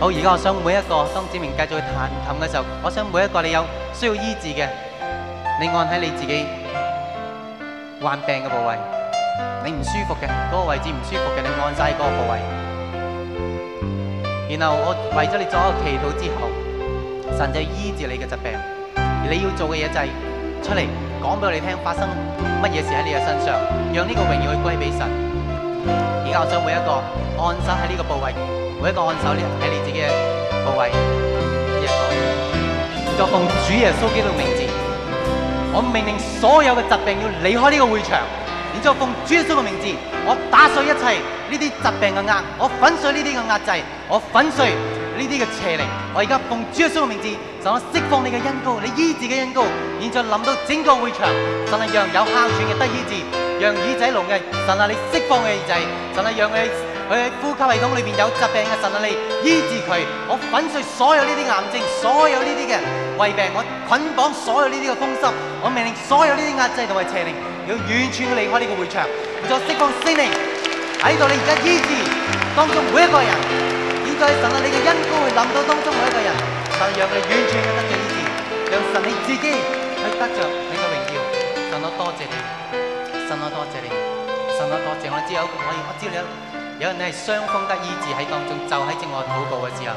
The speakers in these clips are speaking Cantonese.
好，而家我想每一個，當志明繼續去彈琴嘅時候，我想每一個你有需要醫治嘅，你按喺你自己患病嘅部位，你唔舒服嘅，嗰個位置唔舒服嘅，你按晒嗰個部位。然後我為咗你做一個祈禱之後，神就醫治你嘅疾病。而你要做嘅嘢就係出嚟講俾我哋聽發生乜嘢事喺你嘅身上，讓呢個榮耀去歸俾神。而家我想每一個按手喺呢個部位。每一個按手咧喺你自己嘅部位，呢一個。作奉主耶穌基督名字，我命令所有嘅疾病要離開呢個會場。然之後再奉主耶穌嘅名字，我打碎一切呢啲疾病嘅壓，我粉碎呢啲嘅壓制，我粉碎呢啲嘅邪靈。我而家奉主耶穌嘅名字，就我釋放你嘅恩膏，你醫治嘅恩膏。現在臨到整個會場，神係讓有哮喘嘅得醫治，讓耳仔聾嘅神係，你釋放嘅耳仔，神係讓你。佢喺呼吸系統裏邊有疾病嘅神啊，你醫治佢，我粉碎所有呢啲癌症，所有呢啲嘅胃病，我捆綁所有呢啲嘅風濕，我命令所有呢啲壓制同埋邪靈要完全離開呢個會場，唔再釋放邪靈喺度。你而家醫治當中每一個人，現在神啊，你嘅恩膏會臨到當中每一個人，就讓你完全嘅得着醫治，讓神你自己去得著你嘅榮耀，神我多謝你，神我多謝你，神我多謝我只有可以，我知道有。有人你係傷風得醫治喺當中，就喺正我肚部嘅時候。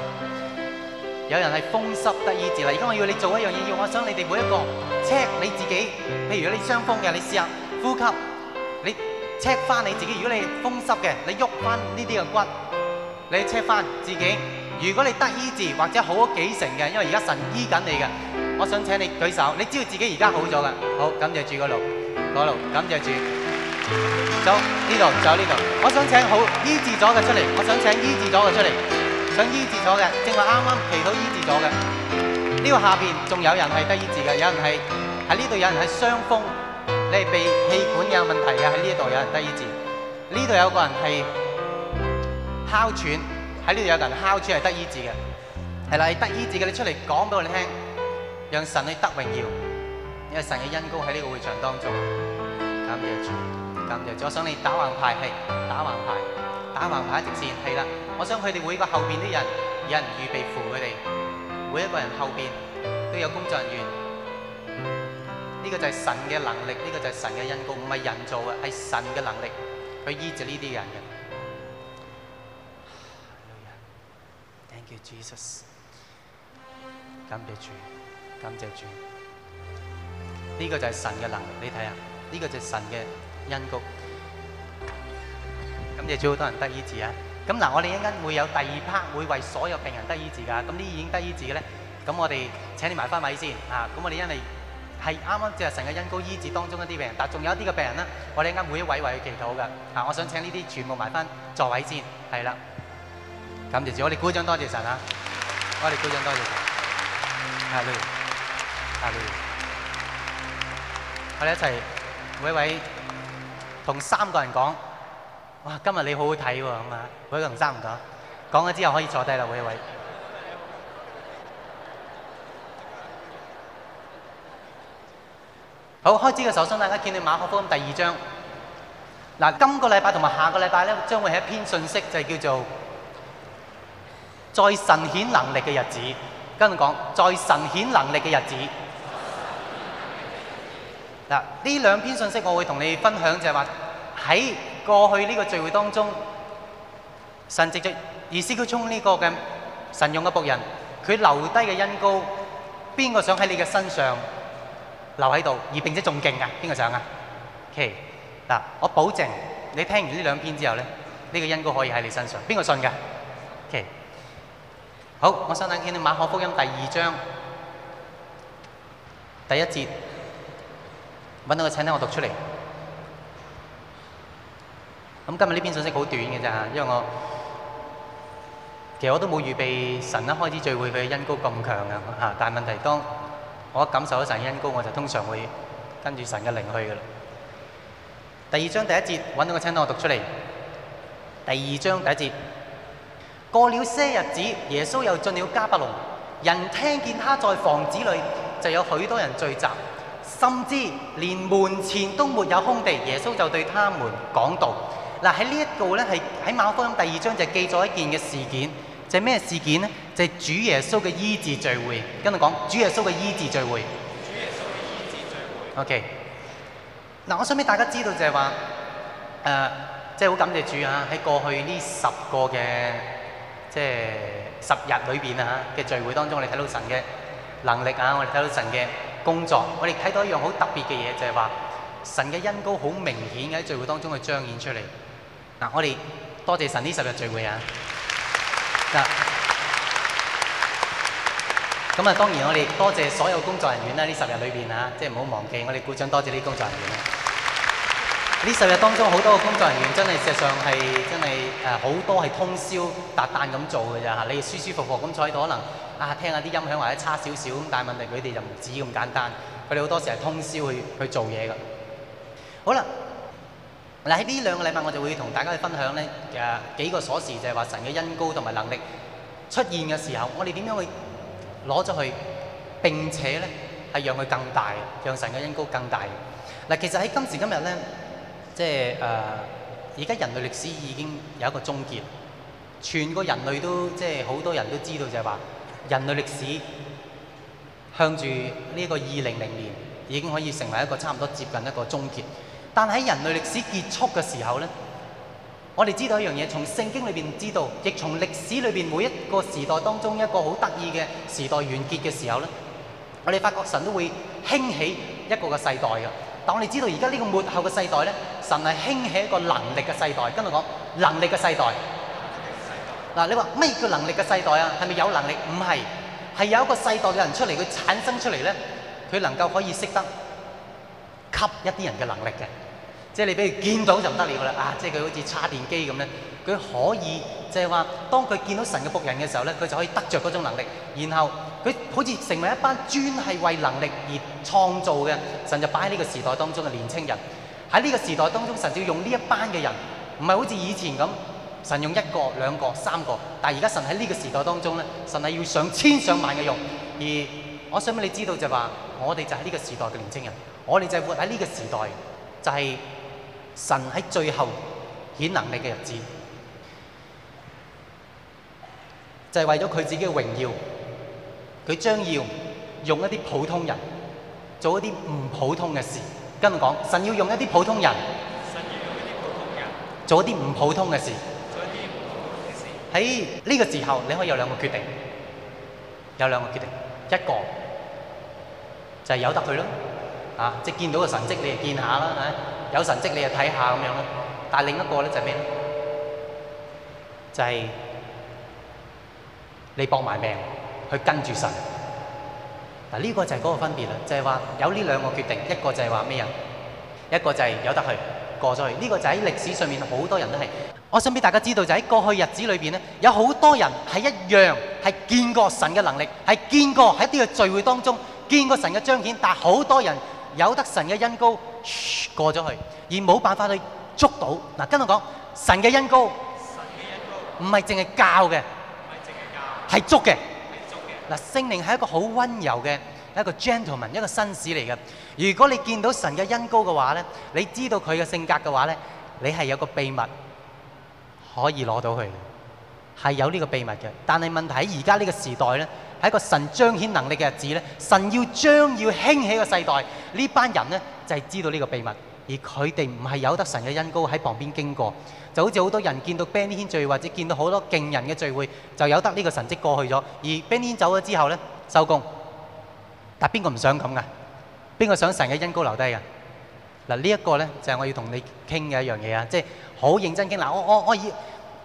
有人係風濕得醫治。嗱，而家我要你做一樣嘢，要我想你哋每一個 check 你自己。譬如你傷風嘅，你試下呼吸；你 check 翻你自己。如果你係風濕嘅，你喐翻呢啲嘅骨，你 check 翻自己。如果你得醫治或者好咗幾成嘅，因為而家神在醫緊你嘅，我想請你舉手。你知道自己而家好咗噶。好，感謝主嘅路，嗰路感謝主。走，呢度，走，呢度。我想請好醫治咗嘅出嚟，我想請醫治咗嘅出嚟，想醫治咗嘅，正話啱啱祈禱醫治咗嘅。呢個下邊仲有人係得醫治嘅，有人係喺呢度，有人係傷風，你係鼻氣管有問題嘅，喺呢度有人得醫治。呢度有個人係哮喘，喺呢度有人哮喘係得醫治嘅，係啦，係得醫治嘅，你出嚟講俾我哋聽，讓神去得榮耀，因為神嘅恩膏喺呢個會場當中。啱嘅。咁就，我想你打橫排係打橫排，打橫排一直線，係啦。我想佢哋每個後邊啲人，有人預備扶佢哋，每一個人後邊都有工作人員。呢個就係神嘅能力，呢個就係神嘅恩膏，唔係人做嘅，係神嘅能力去醫治呢啲人嘅。Thank you Jesus，感謝主，感謝主。呢個就係神嘅能力，你睇下，呢個就係神嘅。恩膏，咁亦最好多人得醫治啊！咁嗱，我哋一陣間會有第二 part，會為所有病人得醫治噶。咁呢已經得醫治嘅咧，咁我哋請你埋翻位先啊！咁我哋因為係啱啱就入成個恩膏醫治當中一啲病人，但仲有一啲嘅病人咧，我哋一陣每一位為佢祈禱嘅。嗱，我想請呢啲全部埋翻座位先，係啦。感謝住我哋，鼓掌多謝神啊！我哋鼓掌多謝神啊！我哋鼓掌多謝神。阿瑞，阿瑞，我哋一齊每一位。同三個人講，哇，今日你好好睇喎，係嘛？每個人三唔講，講咗之後可以坐低啦，每一位。好，開始嘅時候，首先大家見到馬可福音第二章。嗱，今個禮拜同埋下個禮拜咧，將會係一篇信息，就係叫做「在神顯能力嘅日子」。跟住講，在神顯能力嘅日子。嗱，呢兩篇信息我會同你分享，就係話喺過去呢個聚會當中，神藉著以斯谷充呢個咁神勇嘅僕人，佢留低嘅恩膏，邊個想喺你嘅身上留喺度？而並且仲勁啊，邊個想啊？O.K. 嗱，我保證你聽完呢兩篇之後咧，呢個恩膏可以喺你身上。邊個信嘅？O.K. 好，我想等，傾《馬可福音》第二章第一節。揾到個請帖，我讀出嚟。咁今日呢篇信息好短嘅咋，因為我其實我都冇預備神一開始聚會佢嘅恩膏咁強嘅吓，但係問題是當我感受咗神嘅恩膏，我就通常會跟住神嘅靈去嘅啦。第二章第一節，揾到個請帖，我讀出嚟。第二章第一節，過了些日子，耶穌又進了迦百農，人聽見他在房子裏，就有許多人聚集。甚至連門前都沒有空地，耶穌就對他們講道。嗱，喺呢一度咧，係喺馬可福音第二章就記咗一件嘅事件，就係咩事件咧？就係主耶穌嘅醫治聚會。跟住講主耶穌嘅醫治聚會。主耶穌嘅醫治聚會。O.K. 嗱，我想俾大家知道就係話誒，即係好感謝主啊！喺過去呢十個嘅即係十日裏邊啊嚇嘅聚會當中，我哋睇到神嘅能力啊，我哋睇到神嘅。工作，我哋睇到一樣好特別嘅嘢，就係話神嘅恩膏好明顯喺聚會當中去彰顯出嚟。嗱，我哋多謝神呢十日聚會 啊。嗱，咁啊，當然我哋多謝所有工作人員啦，呢十日裏邊啊，即係唔好忘記，我哋鼓掌多謝呢啲工作人員。呢十日當中，好多個工作人員真係事實上係真係誒好多係通宵達旦咁做嘅啫嚇。你舒舒服服咁坐喺度，可能啊聽下啲音響或者差少少咁，但係問題佢哋就唔止咁簡單。佢哋好多時係通宵去去做嘢㗎。好啦，嗱喺呢兩個禮拜，我就會同大家去分享咧誒幾個鎖匙，就係話神嘅恩膏同埋能力出現嘅時候，我哋點樣去攞出去？並且咧係讓佢更大，讓神嘅恩膏更大。嗱，其實喺今時今日咧。即係誒，而家人類歷史已經有一個終結，全個人類都即係好多人都知道就係話人類歷史向住呢個二零零年已經可以成為一個差唔多接近一個終結。但喺人類歷史結束嘅時候呢，我哋知道一樣嘢，從聖經裏邊知道，亦從歷史裏邊每一個時代當中一個好得意嘅時代完結嘅時候呢，我哋發覺神都會興起一個個世代嘅。但我哋知道而家呢個末後嘅世代呢。神係興起一個能力嘅世代，跟住講能力嘅世代。嗱，你話咩叫能力嘅世代啊？係咪有能力？唔係，係有一個世代嘅人出嚟，佢產生出嚟咧，佢能夠可以識得吸一啲人嘅能力嘅。即係你畀佢見到就唔得了㗎啦、嗯。啊，即係佢好似叉電機咁咧，佢可以即係話，當佢見到神嘅僕人嘅時候咧，佢就可以得着嗰種能力，然後佢好似成為一班專係為能力而創造嘅神就擺喺呢個時代當中嘅年青人。喺呢個時代當中，神要用呢一班嘅人，唔係好似以前咁，神用一個、兩個、三個，但係而家神喺呢個時代當中呢，神係要上千上萬嘅用。而我想俾你知道就話，我哋就係呢個時代嘅年輕人，我哋就係活喺呢個時代，就係、是、神喺最後顯能力嘅日子，就係、是、為咗佢自己嘅榮耀，佢將要用一啲普通人做一啲唔普通嘅事。跟住講，神要用一啲普通人，神要用一啲普通人，做一啲唔普通嘅事，做一啲唔普通嘅事。喺呢個時候，你可以有兩個決定，有兩個決定，一個就係由得佢咯，嚇，即係見到個神跡你就見下啦，係咪？有神跡你就睇下咁樣啦。但係另一個咧就係咩咧？就係你搏埋命去跟住神。嗱，呢個就係嗰個分別啦，就係話有呢兩個決定，一個就係話咩人，一個就係有得去過咗去。呢個就喺歷史上面好多人都係，我想俾大家知道就喺過去日子裏邊咧，有好多人係一樣係見過神嘅能力，係見過喺啲嘅聚會當中見過神嘅彰顯，但係好多人有得神嘅恩膏過咗去，而冇辦法去捉到。嗱，跟我講，神嘅恩膏，神嘅恩膏唔係淨係教嘅，係捉嘅。嗱，聖靈係一個好温柔嘅，一個 gentleman，一個紳士嚟嘅。如果你見到神嘅恩膏嘅話咧，你知道佢嘅性格嘅話咧，你係有個秘密可以攞到佢，係有呢個秘密嘅。但係問題喺而家呢個時代咧，係一個神彰顯能力嘅日子咧，神要將要興起個世代，呢班人咧就係知道呢個秘密，而佢哋唔係有得神嘅恩膏喺旁邊經過。就好似好多人見到 Benny Hinn 聚會或者見到好多勁人嘅聚會，就有得呢個神蹟過去咗。而 Benny Hinn 走咗之後咧，收工。但邊個唔想咁噶？邊個想神嘅恩膏留低噶？嗱、這個，呢一個咧就係、是、我要同你傾嘅一樣嘢啊！即係好認真傾。嗱，我我我以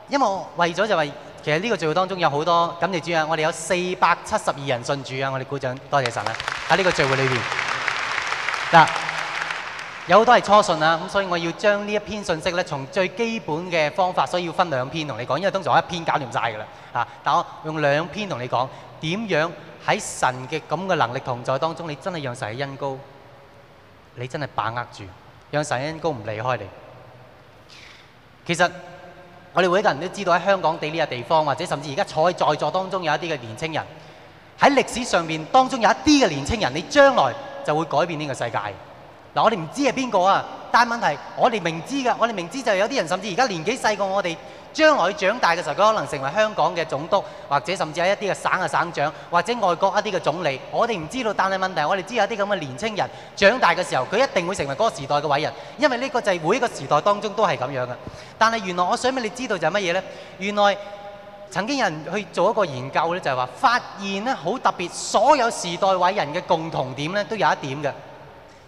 因為我為咗就係、是、其實呢個聚會當中有好多噉你知啊！我哋有四百七十二人信主啊！我哋鼓掌，多謝神啊！喺呢個聚會裏邊，嗱。有好多係初信啦，咁所以我要將呢一篇信息咧，從最基本嘅方法，所以要分兩篇同你講。因為通常我一篇搞亂曬㗎喇，嚇！但係我用兩篇同你講點樣喺神嘅咁嘅能力同在當中，你真係讓神嘅恩膏，你真係把握住，讓神嘅恩膏唔離開你。其實我哋每一個人都知道喺香港地呢個地方，或者甚至而家坐喺在座當中有一啲嘅年青人，喺歷史上面當中有一啲嘅年青人，你將來就會改變呢個世界。我哋唔知係邊個啊？但係問題我們，我哋明知嘅，我哋明知就有啲人，甚至而家年紀細過我哋，將來長大嘅時候，佢可能成為香港嘅總督，或者甚至有一啲嘅省嘅省長，或者外國一啲嘅總理。我哋唔知道，但係問題，我哋知有啲咁嘅年青人長大嘅時候，佢一定會成為嗰個時代嘅偉人，因為呢個就係每一個時代當中都係咁樣嘅。但係原來我想俾你知道就係乜嘢呢？原來曾經有人去做一個研究呢就係話發現呢，好特別，所有時代偉人嘅共同點呢，都有一點嘅。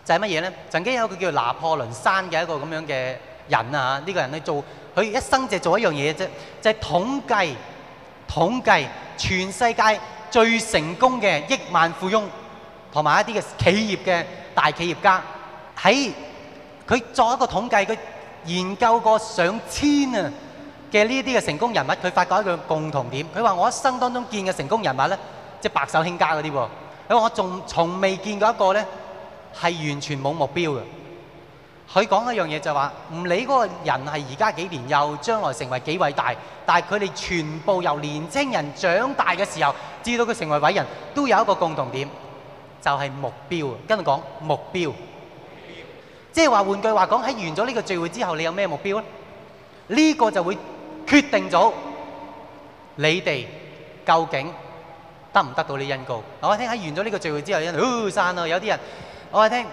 就係乜嘢咧？曾經有一個叫拿破崙山嘅一個咁樣嘅人啊，呢個人去做，佢一生就做一樣嘢啫，就係統計，統計全世界最成功嘅億萬富翁同埋一啲嘅企業嘅大企業家。喺佢作一個統計，佢研究過上千啊嘅呢啲嘅成功人物，佢發覺一個共同點。佢話：我一生當中見嘅成功人物咧，即係白手興家嗰啲喎。佢話：我仲從未見過一個咧。係完全冇目標嘅。佢講一樣嘢就話，唔理嗰個人係而家幾年又將來成為幾偉大，但係佢哋全部由年青人長大嘅時候，至到佢成為偉人都有一個共同點，就係、是、目標。跟住講目標，即係話換句話講，喺完咗呢個聚會之後，你有咩目標咧？呢、這個就會決定咗你哋究竟得唔得到呢恩膏。嗱，我聽喺完咗呢個聚會之後，已、哦、經散啦，有啲人。我係聽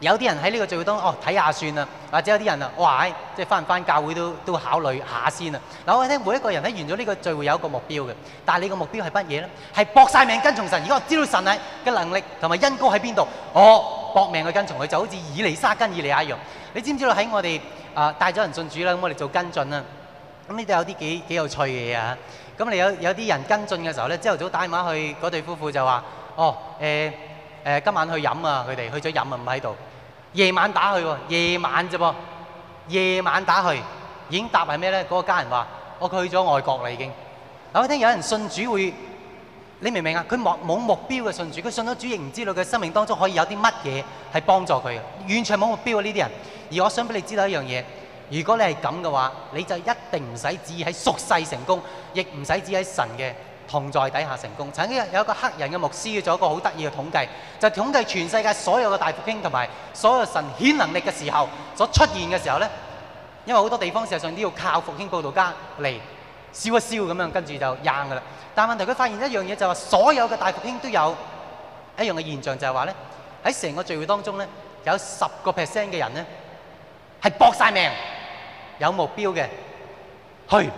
有啲人喺呢個聚會當中哦，睇下算啦，或者有啲人啊，哇即係返唔返教會都都考慮下先啊。嗱，我係聽每一個人喺完咗呢個聚會有一個目標嘅，但係你個目標係乜嘢咧？係搏晒命跟從神。而家我知道神嘅能力同埋恩膏喺邊度，我、哦、搏命去跟從佢，就好似以利沙跟以利亞一樣。你知唔知道喺我哋啊帶咗人信主啦，咁我哋做跟進啦，咁呢度有啲幾幾有趣嘅嘢啊。咁你有有啲人跟進嘅時候咧，朝頭早打電話去嗰對夫婦就話：哦，誒。誒今晚去飲啊！佢哋去咗飲啊，唔喺度。夜晚打去喎、啊，夜晚啫噃、啊，夜晚打去已經答係咩咧？嗰、那個家人話：我去咗外國啦，已經。我聽有人信主會，你明唔明啊？佢冇冇目標嘅信主，佢信咗主亦唔知道佢生命當中可以有啲乜嘢係幫助佢嘅，完全冇目標啊！呢啲人。而我想俾你知道一樣嘢：如果你係咁嘅話，你就一定唔使指喺屬世成功，亦唔使指喺神嘅。同在底下成功。曾經有一個黑人嘅牧師做一個好得意嘅統計，就統計全世界所有嘅大復興同埋所有神顯能力嘅時候所出現嘅時候咧，因為好多地方事實上都要靠復興佈道家嚟燒一燒咁樣，跟住就硬噶啦。但係問題佢發現一樣嘢就係話，所有嘅大復興都有一樣嘅現象，就係話咧，喺成個聚會當中咧，有十個 percent 嘅人咧係搏曬命，有目標嘅，去，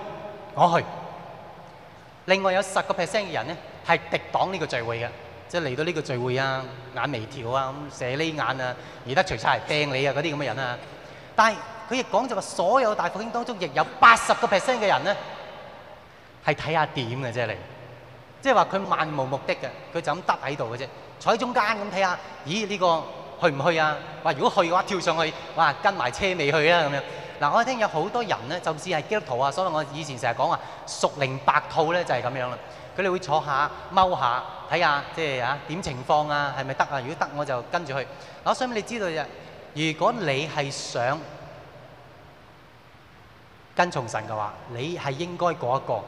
我去。另外有十個 percent 嘅人咧，係敵擋呢個聚會嘅，即係嚟到呢個聚會啊，眼眉條啊，咁蛇啲眼啊，而得除晒曬掟你啊嗰啲咁嘅人啊。但係佢亦講就話，所有大復興當中，亦有八十個 percent 嘅人咧，係睇下點嘅啫嚟，即係話佢漫無目的嘅，佢就咁得喺度嘅啫，坐喺中間咁睇下，咦呢個去唔去啊？話，如果去嘅話，跳上去，話跟埋車尾去啊咁樣。嗱，我聽有好多人咧，就係基督徒啊，所以我以前成日講話熟靈百兔咧，就係咁樣啦。佢哋會坐下踎下，睇下即係啊點情況啊，係咪得啊？如果得，我就跟住去。我想你知道嘅，如果你係想跟從神嘅話，你係應該過一個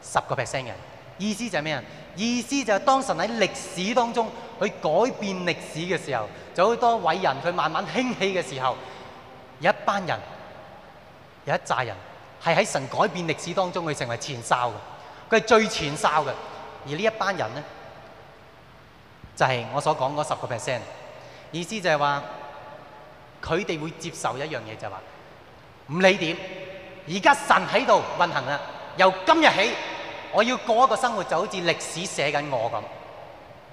十個 percent 嘅，意思就係咩啊？意思就係當神喺歷史當中去改變歷史嘅時候，就好多偉人佢慢慢興起嘅時候，有一班人。有一紮人係喺神改變歷史當中佢成為前哨嘅，佢係最前哨嘅。而呢一班人咧，就係我所講嗰十個 percent。意思就係話，佢哋會接受一樣嘢就係話，唔理點，而家神喺度運行啦。由今日起，我要過一個生活就好似歷史寫緊我咁，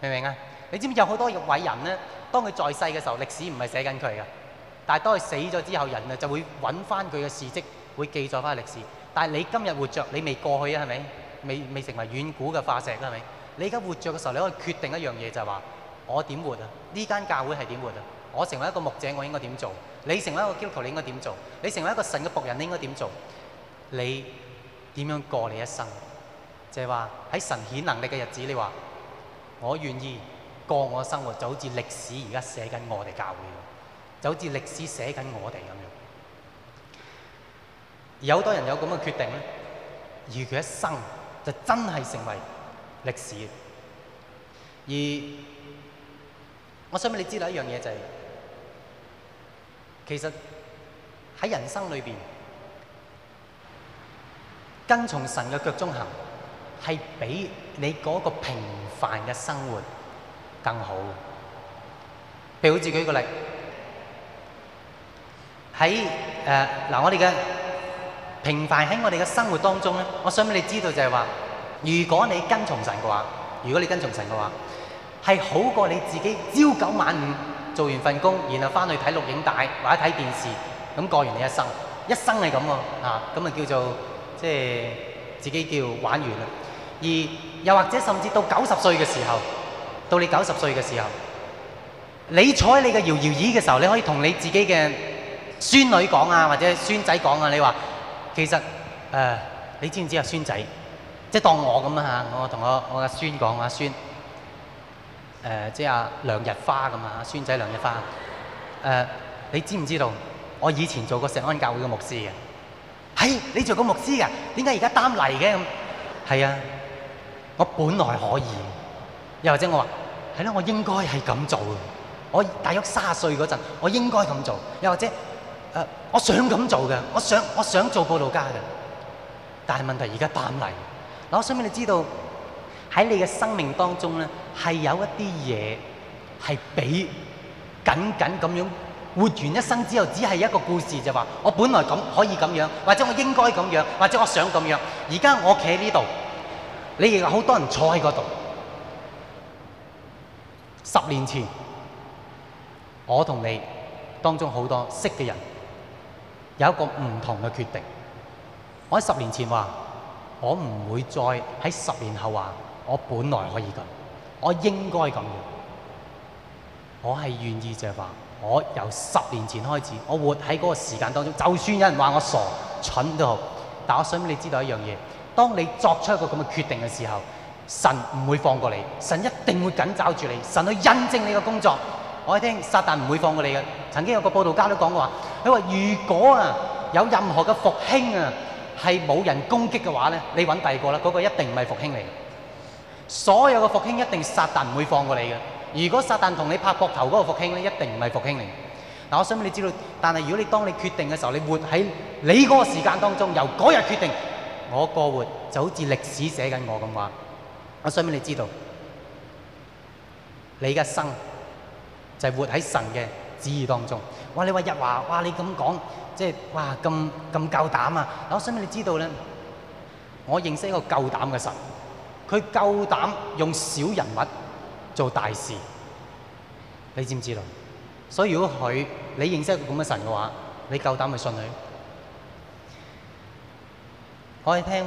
明唔明啊？你知唔知有好多偉人咧，當佢在世嘅時候，歷史唔係寫緊佢噶。但係當佢死咗之後，人啊就會揾翻佢嘅事蹟，會記載翻歷史。但係你今日活着，你未過去啊，係咪？未未成為遠古嘅化石啦，係咪？你而家活着嘅時候，你可以決定一樣嘢，就係話：我點活啊？呢間教會係點活啊？我成為一個牧者，我應該點做？你成為一個基督徒，你應該點做？你成為一個神嘅僕人，你應該點做？你點樣過你一生？就係話喺神顯能力嘅日子，你話我願意過我嘅生活，就好似歷史而家寫緊我哋教會。就好似歷史寫緊我哋咁樣，有好多人有咁嘅決定咧，而佢一生就真係成為歷史。而我想俾你知道一樣嘢就係，其實喺人生裏邊，跟從神嘅腳蹤行，係比你嗰個平凡嘅生活更好。譬如好似舉個例。喺誒嗱，我哋嘅平凡喺我哋嘅生活當中咧，我想俾你知道就係話，如果你跟從神嘅話，如果你跟從神嘅話，係好過你自己朝九晚五做完份工，然後翻去睇錄影帶或者睇電視，咁過完你一生，一生係咁喎嚇，咁啊叫做即係自己叫玩完啦。而又或者甚至到九十歲嘅時候，到你九十歲嘅時候，你坐喺你嘅搖搖椅嘅時候，你可以同你自己嘅孫女講啊，或者孫仔講啊，你話其實誒、呃，你知唔知啊？孫仔即當我咁啊嚇，我同我我阿孫講、呃、啊，孫誒即阿梁日花咁啊，孫仔梁日花誒、呃，你知唔知道？我以前做過石安教會嘅牧師嘅，係、哎、你做過牧師㗎？點解而家擔嚟嘅咁？係啊，我本來可以，又或者我話係咯，我應該係咁做。我大約卅歲嗰陣，我應該咁做，又或者。我想咁做嘅，我想我想做報道家嘅，但係問題而家擔嚟。嗱，我想俾你知道喺你嘅生命當中咧，係有一啲嘢，係比緊緊咁樣活完一生之後，只係一個故事，就話我本來咁可以咁樣，或者我應該咁樣，或者我想咁樣。而家我企喺呢度，你亦有好多人坐喺嗰度。十年前，我同你當中好多識嘅人。有一個唔同嘅決定，我喺十年前話，我唔會再喺十年後話，我本來可以咁，我應該咁，我係願意就係話我由十年前開始，我活喺嗰個時間當中，就算有人話我傻蠢都好，但我想你知道一樣嘢，當你作出一個咁嘅決定嘅時候，神唔會放過你，神一定會緊抓住你，神去印證你嘅工作，我聽撒旦唔會放過你的。曾經有個報道家都講過話，佢話如果啊有任何嘅復興啊係冇人攻擊嘅話咧，你揾第二個啦，嗰個一定唔係復興嚟。所有嘅復興一定撒但唔會放過你嘅。如果撒但同你拍膊頭嗰個復興咧，一定唔係復興嚟。嗱，我想畀你知道，但係如果你當你決定嘅時候，你活喺你嗰個時間當中，由嗰日決定我過活，就好似歷史寫緊我咁話。我想畀你知道，你嘅生就係活喺神嘅旨意當中，哇！你話日華，哇！你咁講，即係哇咁咁夠膽啊！我想畀你知道咧，我認識一個夠膽嘅神，佢夠膽用小人物做大事，你知唔知道？所以如果佢你認識一個咁嘅神嘅話，你夠膽去信佢。可以聽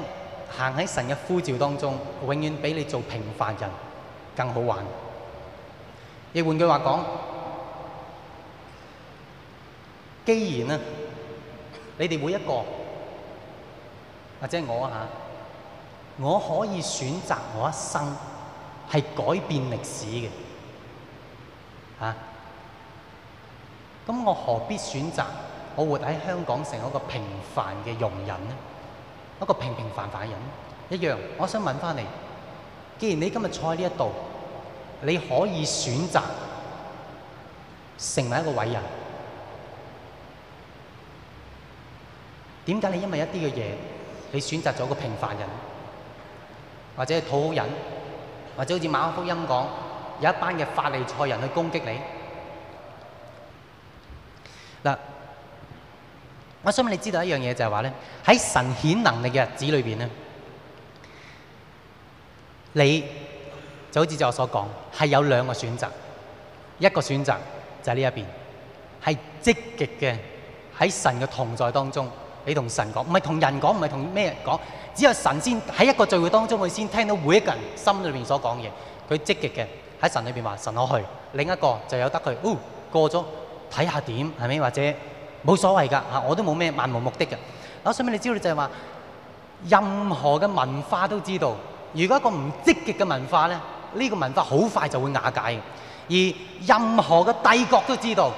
行喺神嘅呼召當中，永遠比你做平凡人更好玩。亦換句話講。既然你哋每一個或者我我可以選擇我一生係改變歷史嘅，吓、啊，咁我何必選擇我活喺香港成一個平凡嘅庸人呢？一個平平凡凡人一樣。我想問翻你，既然你今日坐喺呢一度，你可以選擇成為一個偉人。點解你因為一啲嘅嘢，你選擇咗個平凡人，或者係討好人，或者好似馬可福音講，有一班嘅法利賽人去攻擊你嗱？我想問你知道一樣嘢就係話咧，喺神顯能力嘅日子裏邊咧，你就好似就我所講，係有兩個選擇，一個選擇就係呢一邊，係積極嘅喺神嘅同在當中。你同神講，唔係同人講，唔係同咩人講，只有神先喺一個聚會當中，佢先聽到每一個人心裏面所講嘢。佢積極嘅喺神裏邊話：神我去。另一個就由得佢，哦過咗睇下點，係咪？或者冇所謂㗎吓，我都冇咩漫無目的嘅。我想畀你知道就係話，任何嘅文化都知道，如果一個唔積極嘅文化咧，呢個文化好快就會瓦解嘅。而任何嘅帝國都知道，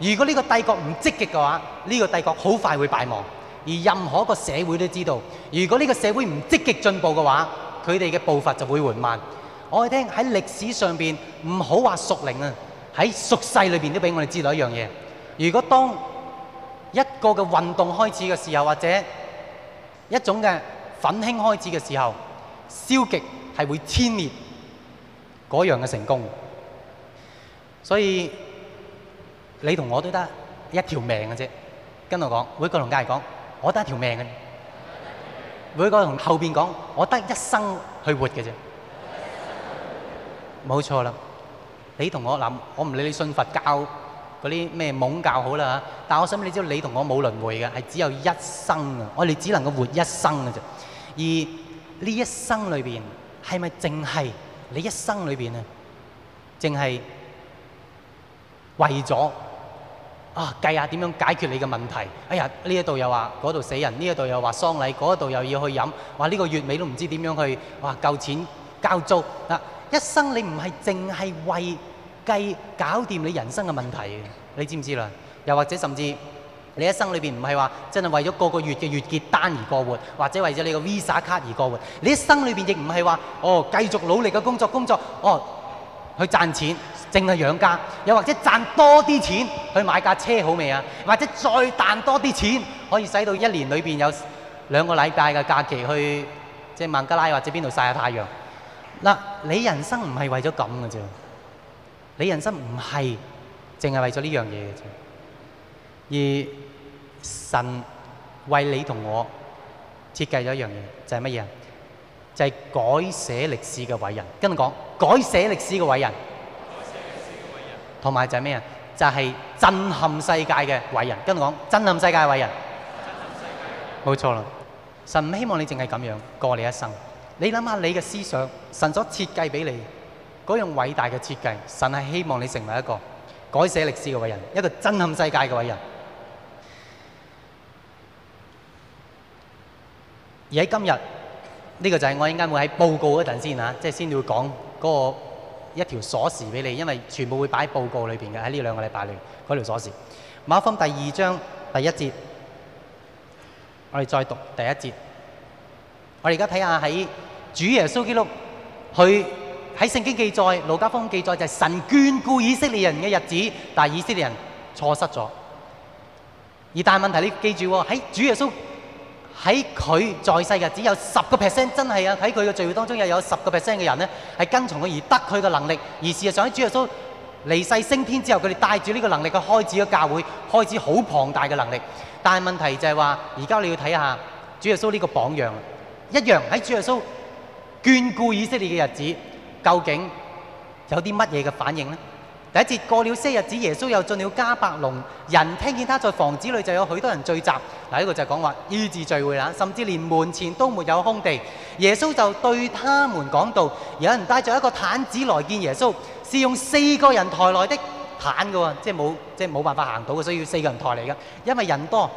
如果呢個帝國唔積極嘅話，呢個帝國好快會敗亡。而任何一個社會都知道，如果呢個社會唔積極進步嘅話，佢哋嘅步伐就會緩慢。我哋聽喺歷史上面，唔好話屬靈啊，喺屬世裏面都俾我哋知道一樣嘢，如果當一個嘅運動開始嘅時候，或者一種嘅奮興開始嘅時候，消極係會殲滅嗰樣嘅成功。所以你同我都得一條命嘅啫，跟我講，每個人嚟講。我得一條命嘅，每一個同後邊講，我得一生去活嘅啫，冇錯啦。你同我諗，我唔理你信佛教嗰啲咩蒙教好啦嚇，但係我想畀你知道你同我冇輪迴嘅，係只有一生啊！我哋只能夠活一生嘅啫。而呢一生裏邊係咪淨係你一生裏邊啊？淨係為咗。哇、啊，計下點樣解決你嘅問題？哎呀，呢一度又話嗰度死人，呢一度又話喪禮，嗰度又要去飲。哇，呢、呢個月尾都唔知點樣去。哇，夠錢交租嗱、啊，一生你唔係淨係為計搞掂你人生嘅問題，你知唔知啦？又或者甚至你一生裏邊唔係話真係為咗個個月嘅月結單而過活，或者為咗你個 Visa 卡而過活。你一生裏邊亦唔係話哦，繼續努力嘅工作，工作哦。去賺錢，淨係養家，又或者賺多啲錢去買架車好未啊？或者再賺多啲錢，可以使到一年裏邊有兩個禮拜嘅假期去即係孟加拉或者邊度曬下太陽。嗱，你人生唔係為咗咁嘅啫，你人生唔係淨係為咗呢樣嘢嘅啫。而神為你同我設計咗一樣嘢，就係乜嘢？就係、是、改寫歷史嘅偉人，跟住講改寫歷史嘅偉人，改寫歷史嘅偉人，同埋就係咩啊？就係、是、震撼世界嘅偉人，跟住講震撼世界嘅偉人，冇錯啦。神唔希望你淨係咁樣過你一生，你諗下你嘅思想，神所設計俾你嗰樣偉大嘅設計，神係希望你成為一個改寫歷史嘅偉人，一個震撼世界嘅偉人。而喺今日。呢、這個就係我應該會喺報告嗰陣先嚇、啊，即、就、係、是、先會講嗰個一條鎖匙俾你，因為全部會擺喺報告裏邊嘅喺呢兩個禮拜裏。嗰條鎖匙，馬可福音第二章第一節，我哋再讀第一節。我哋而家睇下喺主耶穌基督，佢喺聖經記載、路加福音記載就係神眷顧以色列人嘅日子，但係以色列人錯失咗。而但係問題你記住喎，喺主耶穌。喺佢在世日子有十個 percent 真係啊！喺佢嘅聚會當中又有十個 percent 嘅人咧係跟從佢而得佢嘅能力，而事實上喺主耶穌離世升天之後，佢哋帶住呢個能力去開始咗教會，開始好龐大嘅能力。但係問題就係話而家你要睇下主耶穌呢個榜樣一樣，喺主耶穌眷顧以色列嘅日子，究竟有啲乜嘢嘅反應咧？第一節，過了些日子，耶穌又進了迦百農，人聽見他在房子裏就有許多人聚集。第、啊、一、這個就是講話醫治聚會啦，甚至連門前都沒有空地。耶穌就對他們講道：有人帶著一個癱子來見耶穌，是用四個人抬來的癱嘅喎，即係冇即係冇辦法行到的，所以要四個人抬嚟嘅。因為人多，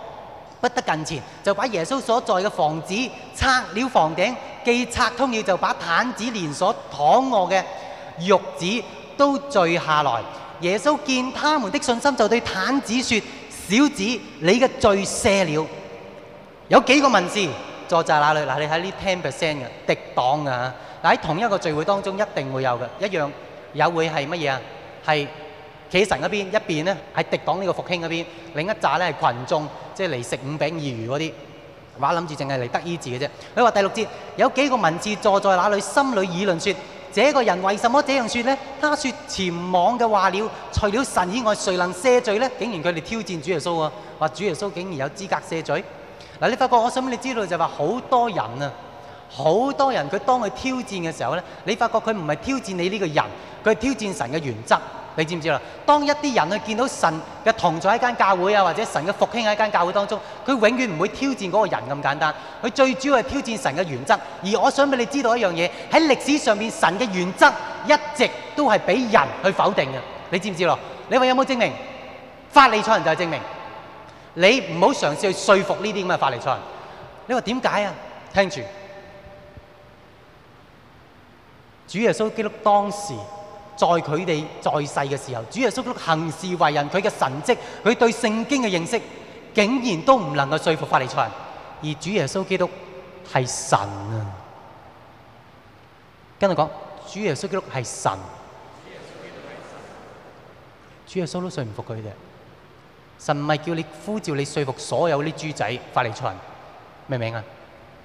不得近前，就把耶穌所在嘅房子拆了房頂，既拆通了，就把癱子連所躺卧嘅褥子。都聚下來，耶穌見他們的信心，就對癱子說：小子，你嘅罪赦了。有幾個文士坐在那裡，嗱，你喺呢 ten percent 嘅敵擋啊，嗱喺同一個聚會當中一定會有嘅，一樣有會係乜嘢啊？係企神嗰邊，一邊呢喺敵擋呢個復興嗰邊，另一扎咧係群眾，即係嚟食五餅二魚嗰啲，話諗住淨係嚟得醫治嘅啫。佢話第六節有幾個文士坐在那裡，心裡議論說。這個人為什麼這樣説呢？他説：僭妄嘅話了，除了神以外，誰能赦罪呢？竟然佢哋挑戰主耶穌啊，話主耶穌竟然有資格赦罪。你發覺，我想你知道就係話，好多人啊，好多人佢當佢挑戰嘅時候呢，你發覺佢唔係挑戰你呢個人，佢係挑戰神嘅原則。你知唔知啦？當一啲人去見到神嘅同在喺間教會啊，或者神嘅復興喺間教會當中，佢永遠唔會挑戰嗰個人咁簡單。佢最主要係挑戰神嘅原則。而我想俾你知道一樣嘢：喺歷史上邊，神嘅原則一直都係俾人去否定嘅。你知唔知咯？你話有冇證明？法利賽人就係證明。你唔好嘗試去說服呢啲咁嘅法利賽人。你話點解啊？聽住。主耶穌基督當時。在佢哋在世嘅時候，主耶穌基督行事為人，佢嘅神蹟，佢對聖經嘅認識，竟然都唔能夠說服法利賽人。而主耶穌基督係神啊！跟住講，主耶穌基督係神。主耶穌基督信唔服佢哋，神唔係叫你呼召你說服所有啲豬仔法利賽人，明唔明啊？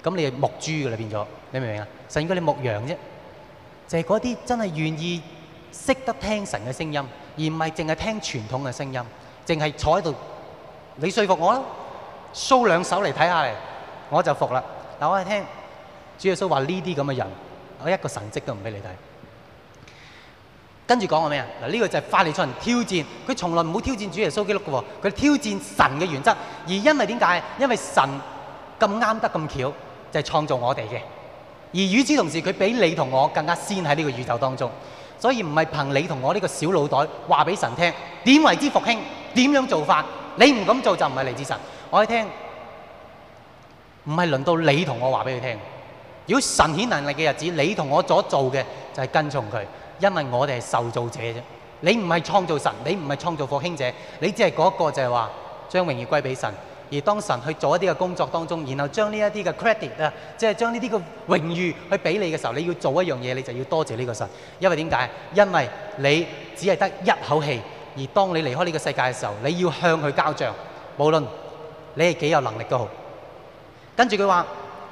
咁你牧豬嘅啦變咗，你明唔明啊？神叫你牧羊啫，就係嗰啲真係願意，識得聽神嘅聲音，而唔係淨係聽傳統嘅聲音，淨係坐喺度。你說服我啦，show 兩手嚟睇下嚟，我就服啦。但我聽主耶穌話呢啲咁嘅人，我一個神蹟都唔俾你睇。跟住講個咩啊？嗱，呢個就係法利賽人挑戰，佢從來冇挑戰主耶穌基督嘅。佢挑戰神嘅原則，而因為點解？因為神咁啱得咁巧，就係創造我哋嘅。而與此同時，佢比你同我更加先喺呢個宇宙當中。所以唔係憑你同我呢個小腦袋話俾神聽，點為之復興，點樣做法？你唔咁做就唔係嚟自神。我哋聽，唔係輪到你同我話俾佢聽。如果神顯能力嘅日子，你同我所做嘅就係跟從佢，因為我哋係受造者。你唔係創造神，你唔係創造復興者，你只係嗰一個就係話將榮譽歸俾神。而當神去做一啲嘅工作當中，然後將呢一啲嘅 credit 啊，即係將呢啲嘅榮譽去俾你嘅時候，你要做一樣嘢，你就要多謝呢個神。因為點解？因為你只係得一口氣，而當你離開呢個世界嘅時候，你要向佢交賬。無論你係幾有能力都好。跟住佢話：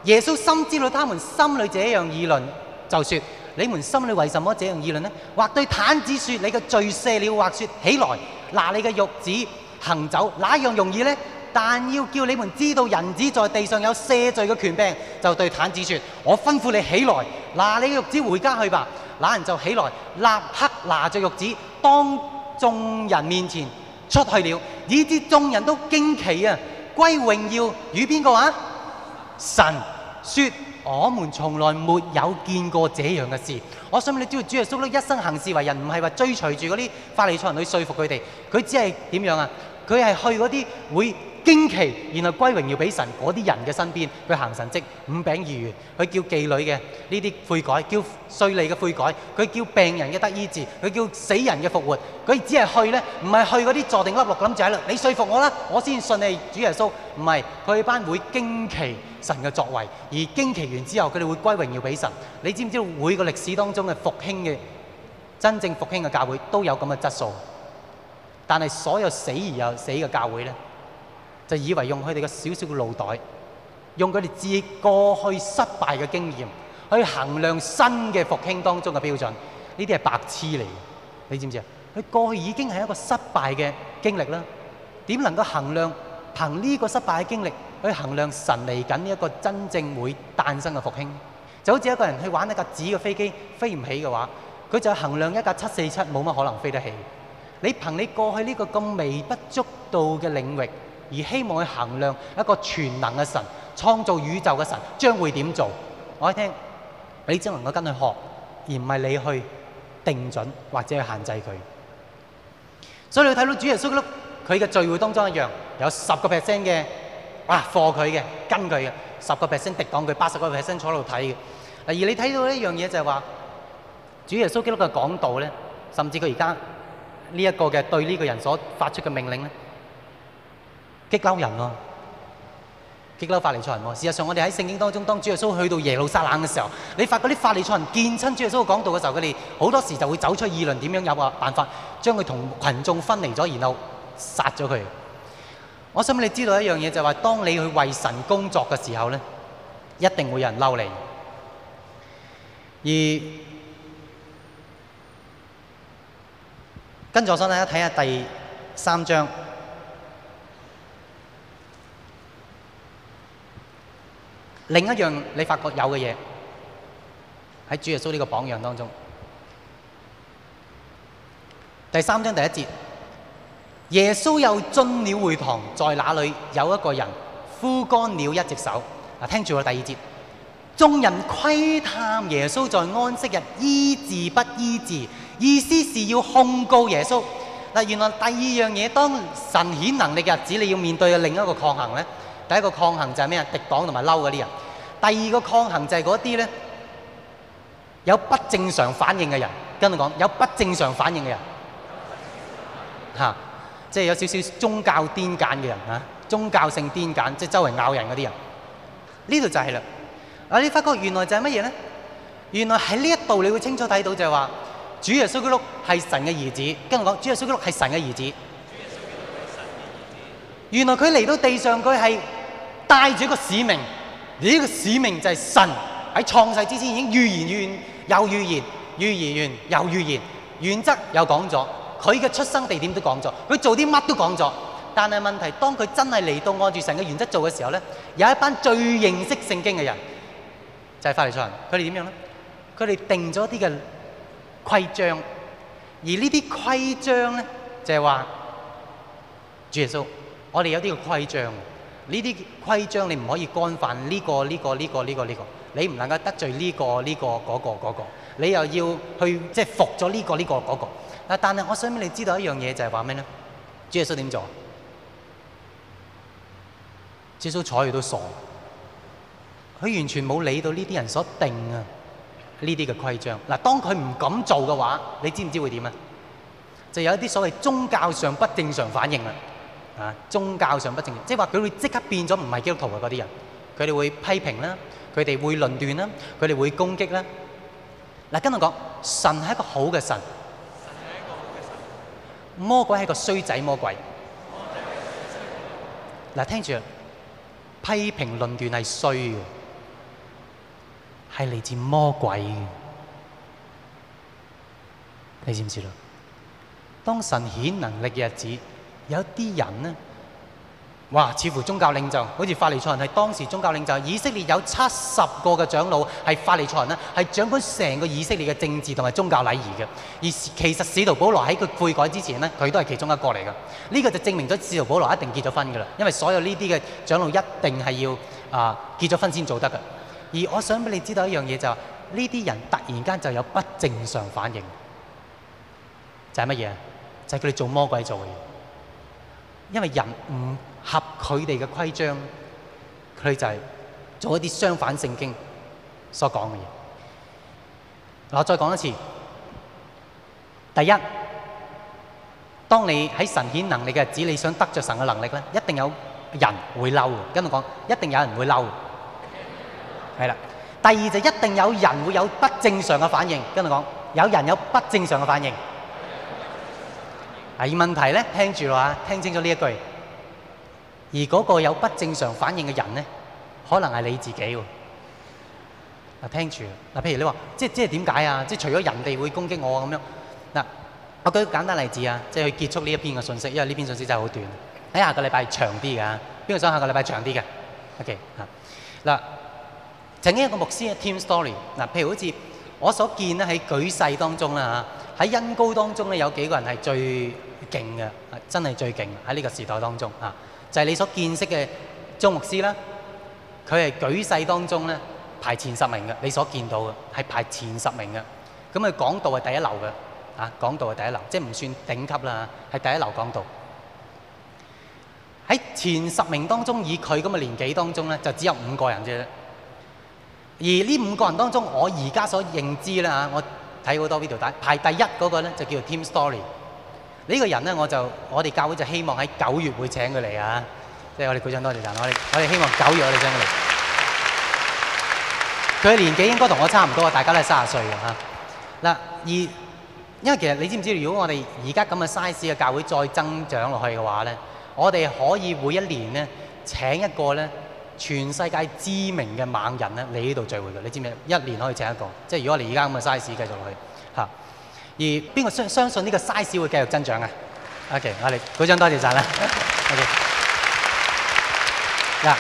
耶穌深知到他們心裡這樣議論，就説：你們心裡為什麼這樣議論呢？或對癱子説：你嘅罪赦了，或説起來，拿你嘅褥子行走，哪一樣容易呢？但要叫你們知道人子在地上有赦罪嘅權柄，就對癱子説：我吩咐你起來，嗱，你嘅褥子回家去吧。那人就起來，立刻拿着褥子，當眾人面前出去了，以致眾人都驚奇，歸榮與啊！歸榮耀與邊個話？神説：我們從來沒有見過這樣嘅事。我相信你知道，主耶穌一生行事為人，唔係話追隨住嗰啲法利賽人去説服佢哋，佢只係點樣啊？佢係去嗰啲會。驚奇，然後歸榮耀俾神嗰啲人嘅身邊，佢行神蹟，五餅二魚，佢叫妓女嘅呢啲悔改，叫稅吏嘅悔改，佢叫病人嘅得醫治，佢叫死人嘅復活，佢只係去咧，唔係去嗰啲坐定粒六咁就喺度，你說服我啦，我先信你主耶穌。唔係，佢哋班會驚奇神嘅作為，而驚奇完之後佢哋會歸榮耀俾神。你知唔知道每個歷史當中嘅復興嘅真正復興嘅教會都有咁嘅質素，但係所有死而又死嘅教會咧？就以為用佢哋個少少嘅腦袋，用佢哋自己過去失敗嘅經驗去衡量新嘅復興當中嘅標準，呢啲係白痴嚟。你知唔知啊？佢過去已經係一個失敗嘅經歷啦，點能夠衡量憑呢個失敗嘅經歷去衡量神嚟緊呢一個真正會誕生嘅復興？就好似一個人去玩一架紙嘅飛機飛唔起嘅話，佢就衡量一架七四七冇乜可能飛得起。你憑你過去呢個咁微不足道嘅領域，而希望去衡量一個全能嘅神、創造宇宙嘅神將會點做？我一聽，你只能夠跟佢學，而唔係你去定準或者去限制佢。所以你睇到主耶穌基督佢嘅聚會當中一樣，有十個 percent 嘅啊，賀佢嘅跟佢嘅，十個 percent 敵擋佢，八十個 percent 坐喺度睇嘅。而你睇到一樣嘢就係話，主耶穌基督嘅講道咧，甚至佢而家呢一個嘅對呢個人所發出嘅命令咧。激嬲人咯，激嬲法利賽人。事實上，我哋喺聖經當中，當主耶穌去到耶路撒冷嘅時候，你發覺啲法利賽人見親主耶穌講道嘅時候，佢哋好多時就會走出議論點樣有個辦法，將佢同羣眾分離咗，然後殺咗佢。我想你知道一樣嘢，就係當你去為神工作嘅時候咧，一定會有人嬲你。而跟住我想大家睇下第三章。另一樣你發覺有嘅嘢喺主耶穌呢個榜樣當中，第三章第一節，耶穌又進了會堂，在那裏有一個人枯乾了一隻手。嗱，聽住喎，第二節，眾人窺探耶穌在安息日醫治不醫治，意思是要控告耶穌。嗱，原來第二樣嘢，當神顯能力嘅日子，你要面對嘅另一個抗衡咧。第一個抗衡就係咩啊？敵黨同埋嬲嗰啲人。第二個抗衡就係嗰啲咧有不正常反應嘅人。跟住講，有不正常反應嘅人嚇，即係有少少、嗯啊就是、宗教癲癇嘅人嚇、啊，宗教性癲癇，即、就、係、是、周圍咬人嗰啲人。呢度就係啦。啊，你發覺原來就係乜嘢咧？原來喺呢一度，你會清楚睇到就係話，主耶穌基督係神嘅兒子。跟我講，主耶穌基督係神嘅兒，兒子。原來佢嚟到地上，佢係。帶住一個使命，而、這、呢個使命就係神喺創世之前已經預言完，有預、預言，預言完又預言，原則有講咗，佢嘅出生地點都講咗，佢做啲乜都講咗。但係問題，當佢真係嚟到按住神嘅原則做嘅時候咧，有一班最認識聖經嘅人，就係法利賽人，佢哋點樣咧？佢哋定咗啲嘅規章，而這些章呢啲規章咧就係、是、話，主耶穌，我哋有啲嘅規章。呢啲規章你唔可以干犯呢、呢個呢、呢個呢、呢個呢個呢個，你唔能夠得罪呢、呢個呢、呢個嗰、嗰個你、這個這個這個、又要去即係服咗呢、呢個呢、呢個嗰、嗰個嗰個。但係我想畀你知道一樣嘢就係話咩咧？主耶穌點做？主耶穌睬佢都傻，佢完全冇理到呢啲人所定啊呢啲嘅規章。嗱，當佢唔敢做嘅話，你知唔知道會點啊？就有一啲所謂宗教上不正常反應啦。啊！宗教上不正義，即係話佢會即刻變咗唔係基督徒嘅嗰啲人，佢哋會批評啦，佢哋會論斷啦，佢哋會攻擊啦。嗱，跟我講，神係一個好嘅神，神係一個好嘅神，魔鬼係個衰仔魔鬼。嗱，聽住，批評論斷係衰嘅，係嚟自魔鬼嘅。你知唔知道？當神顯能力嘅日子。有啲人呢，哇！似乎宗教領袖，好似法利賽人係當時宗教領袖。以色列有七十個嘅長老係法利賽人呢，係掌管成個以色列嘅政治同埋宗教禮儀嘅。而其實使徒保羅喺佢悔改之前呢，佢都係其中一個嚟嘅。呢個就證明咗使徒保羅一定結咗婚㗎啦，因為所有呢啲嘅長老一定係要啊結咗婚先做得㗎。而我想俾你知道一樣嘢就係，呢啲人突然間就有不正常反應，就係乜嘢？就係佢哋做魔鬼做嘅嘢。因為人唔合佢哋嘅規章，佢就係做一啲相反聖經所講嘅嘢。我再講一次，第一，當你喺神顯能力嘅日子，你想得著神嘅能力咧，一定有人會嬲嘅。跟住講，一定有人會嬲。係啦，第二就一定有人會有不正常嘅反應。跟住講，有人有不正常嘅反應。係問題咧，聽住啦嚇，聽清楚呢一句。而嗰個有不正常反應嘅人咧，可能係你自己喎。嗱，聽住嗱，譬如你話，即即係點解啊？即係除咗人哋會攻擊我咁樣嗱、啊，我舉個簡單例子啊，即、就、係、是、去結束呢一篇嘅信息，因為呢篇信息真係好短。喺、哎、下個禮拜長啲㗎，邊個想下個禮拜長啲嘅？OK 嚇、啊、嗱，曾經一個牧師嘅 team story 嗱、啊，譬如好似我所見咧喺舉世當中啦嚇。啊喺恩高當中咧，有幾個人係最勁嘅，真係最勁喺呢個時代當中啊，就係你所見識嘅張牧師啦，佢係舉世當中咧排前十名嘅，你所見到嘅係排前十名嘅，咁啊講道係第一流嘅，啊講道係第一流，即係唔算頂級啦，係第一流講道。喺前十名當中，以佢咁嘅年紀當中咧，就只有五個人啫。而呢五個人當中，我而家所認知啦啊，我，睇好多 video 大排第一嗰個咧，就叫做 Tim Story。呢個人咧，我就我哋教會就希望喺九月會請佢嚟啊，即係我哋鼓掌多啲人，我哋我哋希望九月我哋請佢嚟。佢 嘅年紀應該同我差唔多啊，大家都係卅歲㗎嚇。嗱，而因為其實你知唔知？如果我哋而家咁嘅 size 嘅教會再增長落去嘅話咧，我哋可以每一年咧請一個咧。全世界知名嘅猛人咧，你呢度聚會嘅，你知唔知？一年可以請一個，即係如果我哋依家咁嘅 size 繼續落去嚇、啊，而邊個相相信呢個 size 會繼續增長啊？OK，我哋舉掌多謝晒啦。嗱、okay. yeah.，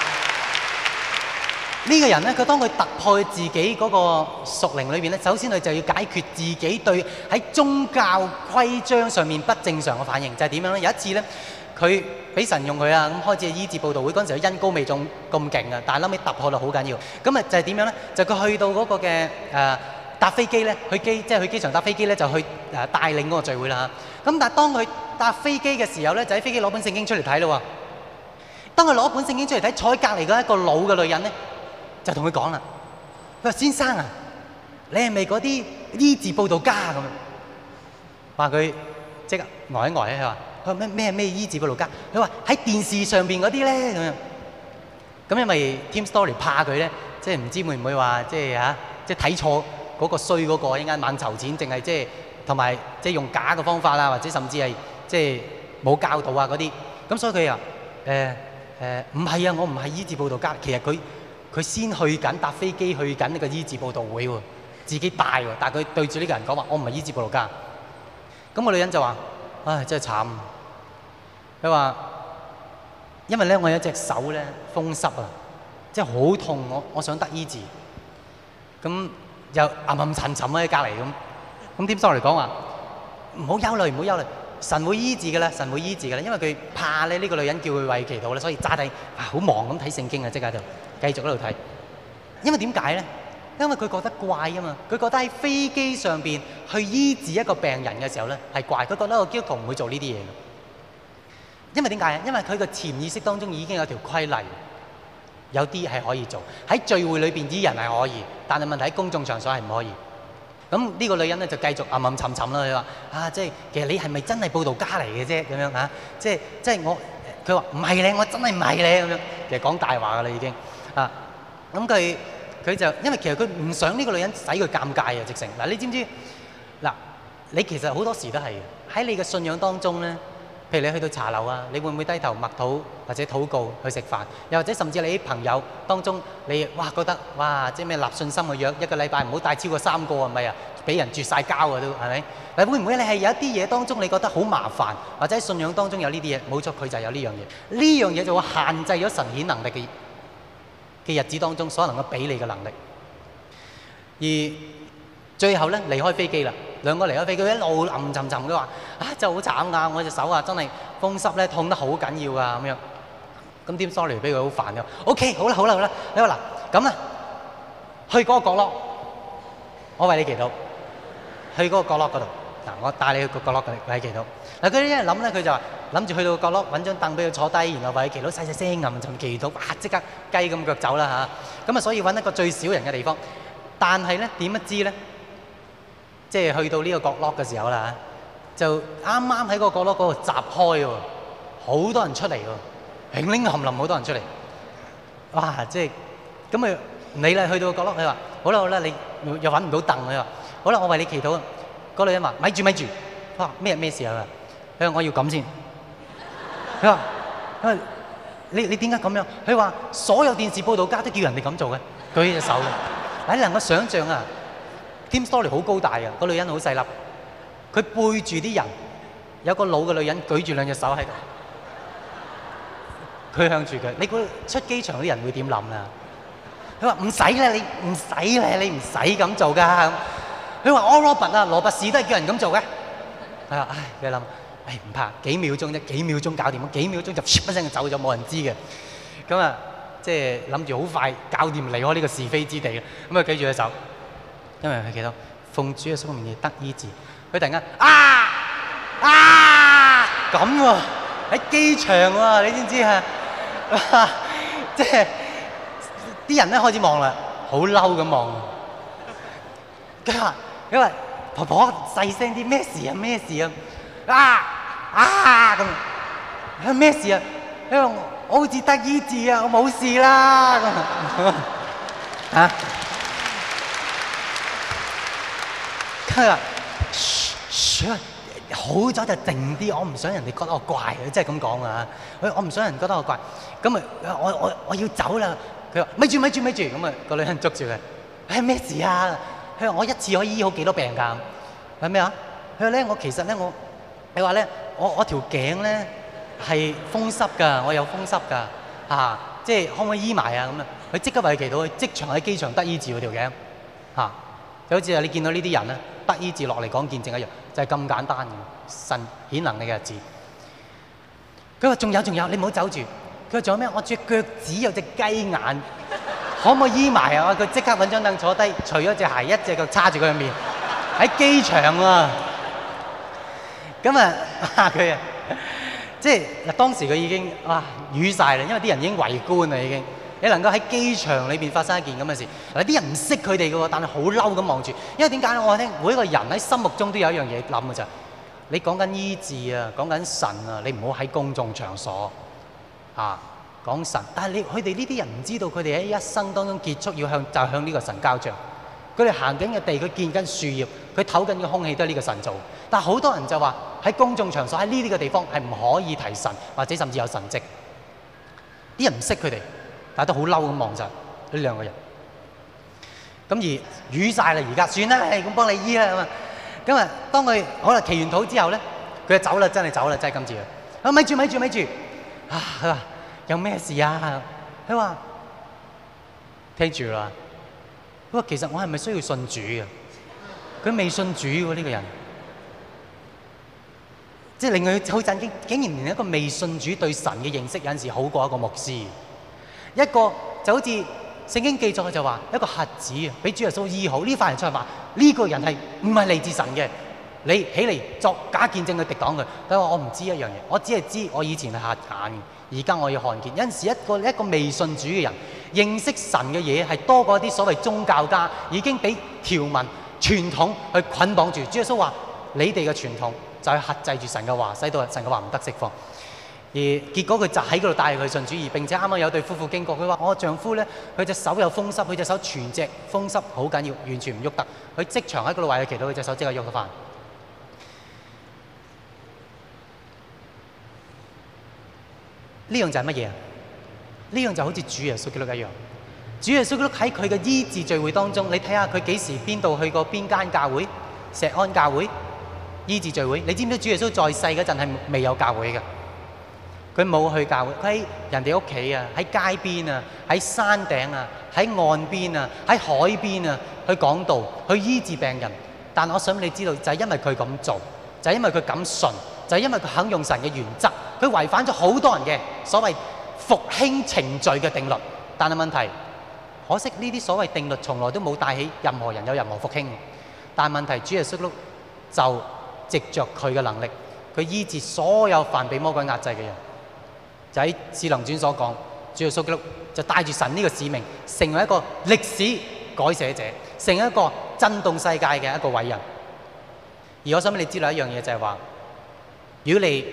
呢個人咧，佢當佢突破自己嗰個屬靈裏邊咧，首先佢就要解決自己對喺宗教規章上面不正常嘅反應，就係、是、點樣咧？有一次咧。佢俾神用佢啊！咁開始醫治佈道會嗰陣時，佢恩膏未重咁勁啊！但係臨尾突破到好緊要。咁啊就係點樣咧？就佢去到嗰個嘅誒搭飛機咧，去機即係去機場搭飛機咧，就去誒帶領嗰個聚會啦嚇。咁但係當佢搭飛機嘅時候咧，就喺飛機攞本聖經出嚟睇咯喎。當佢攞本聖經出嚟睇，坐喺隔離嗰一個老嘅女人咧，就同佢講啦：，佢話先生啊，你係咪嗰啲醫治佈道家咁啊？話佢即係呆一呆佢話。佢咩咩咩醫治報道家，佢話喺電視上邊嗰啲咧咁樣，咁因為 Team Story 怕佢咧，即係唔知會唔會話即係嚇，即係睇錯嗰個衰嗰、嗰個一陣間猛籌錢，淨係即係同埋即係用假嘅方法啦，或者甚至係即係冇教導啊嗰啲，咁所以佢啊誒誒唔係啊，我唔係醫治報道家。其實佢佢先去緊搭飛機去緊呢個醫治報道會喎，自己帶喎，但係佢對住呢個人講話，我唔係醫治報道家。咁、嗰個女人就話：，唉，真係慘。佢話，因為咧我有一隻手咧風濕啊，即係好痛，我我想得醫治。咁又暗暗沉沉喺隔籬咁，咁點收嚟講啊？唔好憂慮，唔好憂慮，神會醫治噶啦，神會醫治噶啦。因為佢怕咧呢個女人叫佢為祈禱啦，所以炸低，啊，好忙咁睇聖經啊，即刻就繼續喺度睇。因為點解咧？因為佢覺得怪啊嘛，佢覺得喺飛機上邊去醫治一個病人嘅時候咧係怪，佢覺得我基督徒唔會做呢啲嘢。因為點解啊？因為佢個潛意識當中已經有條規例，有啲係可以做，喺聚會裏邊啲人係可以，但係問題喺公眾場所係唔可以。咁呢個女人咧就繼續吟吟沉沉啦。佢話：啊，即係其實你係咪真係佈道家嚟嘅啫？咁樣啊，即係即係我，佢話唔係咧，我真係唔係咧咁樣。其實講大話噶啦已經啊。咁佢佢就因為其實佢唔想呢個女人使佢尷尬啊，直情嗱、啊，你知唔知嗱、啊？你其實好多時都係喺你嘅信仰當中咧。譬如你去到茶樓啊，你會唔會低頭默禱或者禱告去食飯？又或者甚至你啲朋友當中，你哇覺得哇，即係咩立信心嘅樣一個禮拜唔好帶超過三個，係咪啊？俾人絕曬交啊都係咪？但會唔會你係有一啲嘢當中，你覺得好麻煩，或者信仰當中有呢啲嘢，冇錯，佢就係有呢樣嘢。呢樣嘢就會限制咗神顯能力嘅嘅日子當中所能夠俾你嘅能力。而最後呢離開飛機啦。兩個嚟咗俾佢一路暗沉沉佢話：啊，真係好慘啊，我隻手啊，真係風濕咧，痛得好緊要啊。」咁樣。咁點 sorry 俾佢好煩啊 OK，好啦好啦好啦，你話嗱咁啊，去嗰個角落，我為你祈禱。去嗰個角落嗰度，嗱，我帶你去個角落嗰嚟為你祈禱。嗱，佢一諗咧，佢就話諗住去到角落揾張凳俾佢坐低，然後為佢祈禱。聲」細細聲吟沉祈禱，哇、啊！即刻雞咁腳走啦吓，咁啊，所以揾一個最少人嘅地方。但係咧，點不知咧？即係去到呢個角落嘅時候啦，就啱啱喺個角落嗰度閘開喎，好多人出嚟喎，鈴鈴冚冚好多人出嚟，哇！即係咁咪唔理啦。去到角落，佢話：好啦好啦，你又搵唔到凳，佢話：好啦，我為你祈禱。嗰女人話：咪住咪住，佢話咩咩事啊？佢話：我要咁先。佢話：佢話你你點解咁樣？佢話：所有電視報道家都叫人哋咁做嘅，舉隻手。你，能夠想象啊！Tim Story 好高大嘅，個女人好細粒，佢背住啲人，有個老嘅女人舉住兩隻手喺度，佢向住佢。你估出機場啲人會點諗啊？佢話唔使咧，你唔使咧，你唔使咁做㗎。佢話 All Robert 啊，羅拔士都係叫人咁做嘅。佢話唉，佢諗，唉唔怕，幾秒鐘啫，幾秒鐘搞掂，幾秒鐘就一聲就走咗，冇人知嘅。咁啊，即係諗住好快搞掂離開呢個是非之地嘅。咁啊，舉住隻手。因為佢見到奉主嘅生命嘅得醫治，佢突然間啊啊咁喎喺機場喎，你知唔知啊！即係啲人咧開始望啦，好嬲咁望。佢話：因為婆婆細聲，啲咩事啊？咩事啊？啊啊咁咩事啊？因為我好似得醫治啊，我冇事啦咁啊！嚇？佢話：好咗就靜啲，我唔想人哋覺得我怪，佢真係咁講啊！我唔想人覺得我怪，咁咪我我我要走啦！佢話：咪住咪住咪住！咁啊，個女人捉住佢。誒咩事啊？佢話：我一次可以醫好幾多病㗎？佢話咩啊？佢話咧，我其實咧，我你話咧，我我條頸咧係風濕㗎，我有風濕㗎，嚇！即係可唔可以醫埋啊？咁啊，佢即刻為佢祈禱，佢即場喺機場得醫治條頸，嚇！就好似你見到呢啲人咧，得醫治落嚟講見證一樣，就係、是、咁簡單嘅神顯能力嘅日子。佢話仲有仲有，你唔好走住。佢話仲有咩？我隻腳趾有隻雞眼， 可唔可以醫埋啊？佢 即刻揾張凳坐低，除咗隻鞋，一隻腳叉住佢嘅面。喺機場啊，咁啊，佢啊，啊，即係嗱，當時佢已經哇瘀晒啦，因為啲人已經圍觀啦，已經你能夠喺機場裏面發生一件咁嘅事，嗱啲人唔識佢哋嘅喎，但係好嬲咁望住，因為點解咧？我聽每一個人喺心目中都有一樣嘢諗嘅。你講緊醫治啊，講緊神啊，你唔好喺公眾場所啊講神。但係你佢哋呢啲人唔知道，佢哋喺一生當中結束要向就向呢個神交賬。佢哋行緊嘅地，佢見緊樹葉，佢唞緊嘅空氣都係呢個神造。但係好多人就話喺公眾場所喺呢啲地方係唔可以提神或者甚至有神跡。啲人唔識佢哋。大家都好嬲咁望住呢兩個人，咁而淤曬啦而家，算啦，咁幫你醫啦咁啊。咁啊，當佢可能祈完禱之後咧，佢就走啦，真係走啦，真係今次。啊，咪住咪住咪住，啊，佢話有咩事啊？佢話聽住啦。佢話其實我係咪需要信主啊？佢未信主喎呢個人，即係令佢好震驚，竟然連一個未信主對神嘅認識，有陣時好過一個牧師，一個就好似聖經記載就話一個瞎子啊，俾主耶穌醫好呢塊人出嚟話，呢個人係唔係嚟自神嘅？你起嚟作假見證去敵擋佢，佢話我唔知一樣嘢，我只係知我以前係瞎眼，而家我要看見。有陣時一個一個未信主嘅人認識神嘅嘢係多過一啲所謂宗教家，已經俾條文傳統去捆綁住。主耶穌話：你哋嘅傳統就係克制住神嘅話，使到神嘅話唔得釋放。而結果佢就喺嗰度帶佢順主意，並且啱啱有對夫婦經過，佢話：我丈夫咧，佢隻手有風濕，佢隻手全隻風濕，好緊要，完全唔喐得。佢即場喺嗰度為佢祈禱，佢隻手即刻喐得返。呢樣就係乜嘢？呢樣就好似主耶穌基督一樣。主耶穌基督喺佢嘅醫治聚會當中，你睇下佢幾時邊度去過邊間教會？石安教會醫治聚會。你知唔知道主耶穌在世嗰陣係未有教會嘅？佢冇去教會，佢喺人哋屋企啊，喺街邊啊，喺山頂啊，喺岸邊啊，喺海邊啊，去講道，去醫治病人。但我想你知道，就係因為佢咁做，就係因為佢咁信，就係因為佢肯用神嘅原則，佢違反咗好多人嘅所謂復興程序嘅定律。但係問題，可惜呢啲所謂定律從來都冇帶起任何人有任何復興。但問題，主耶穌就藉著佢嘅能力，佢醫治所有凡被魔鬼壓制嘅人。喺《智能傳》所講，主耶穌基督就帶住神呢個使命，成為一個歷史改寫者，成為一個震動世界嘅一個偉人。而我想俾你知道的一樣嘢，就係話：如果你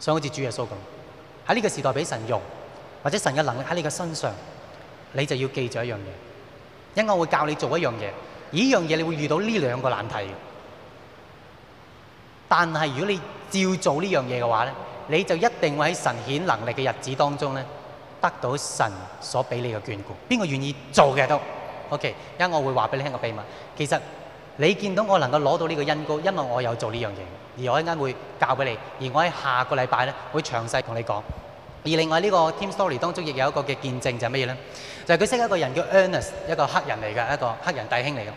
想好似主耶穌咁喺呢個時代俾神用，或者神嘅能力喺你嘅身上，你就要記住一樣嘢，因為我會教你做一樣嘢。而呢樣嘢，你會遇到呢兩個難題。但係如果你照做呢樣嘢嘅話咧，你就一定會喺神顯能力嘅日子當中咧，得到神所俾你嘅眷顧。邊個願意做嘅都 OK。因為我會話俾你聽個秘密。其實你見到我能夠攞到呢個恩膏，因為我有做呢樣嘢。而我一間會，會教俾你。而我喺下個禮拜咧會詳細同你講。而另外呢個 Team Story 當中亦有一個嘅見證就係乜嘢咧？就係、是、佢識一個人叫 Ernest，一個黑人嚟嘅，一個黑人弟兄嚟嘅。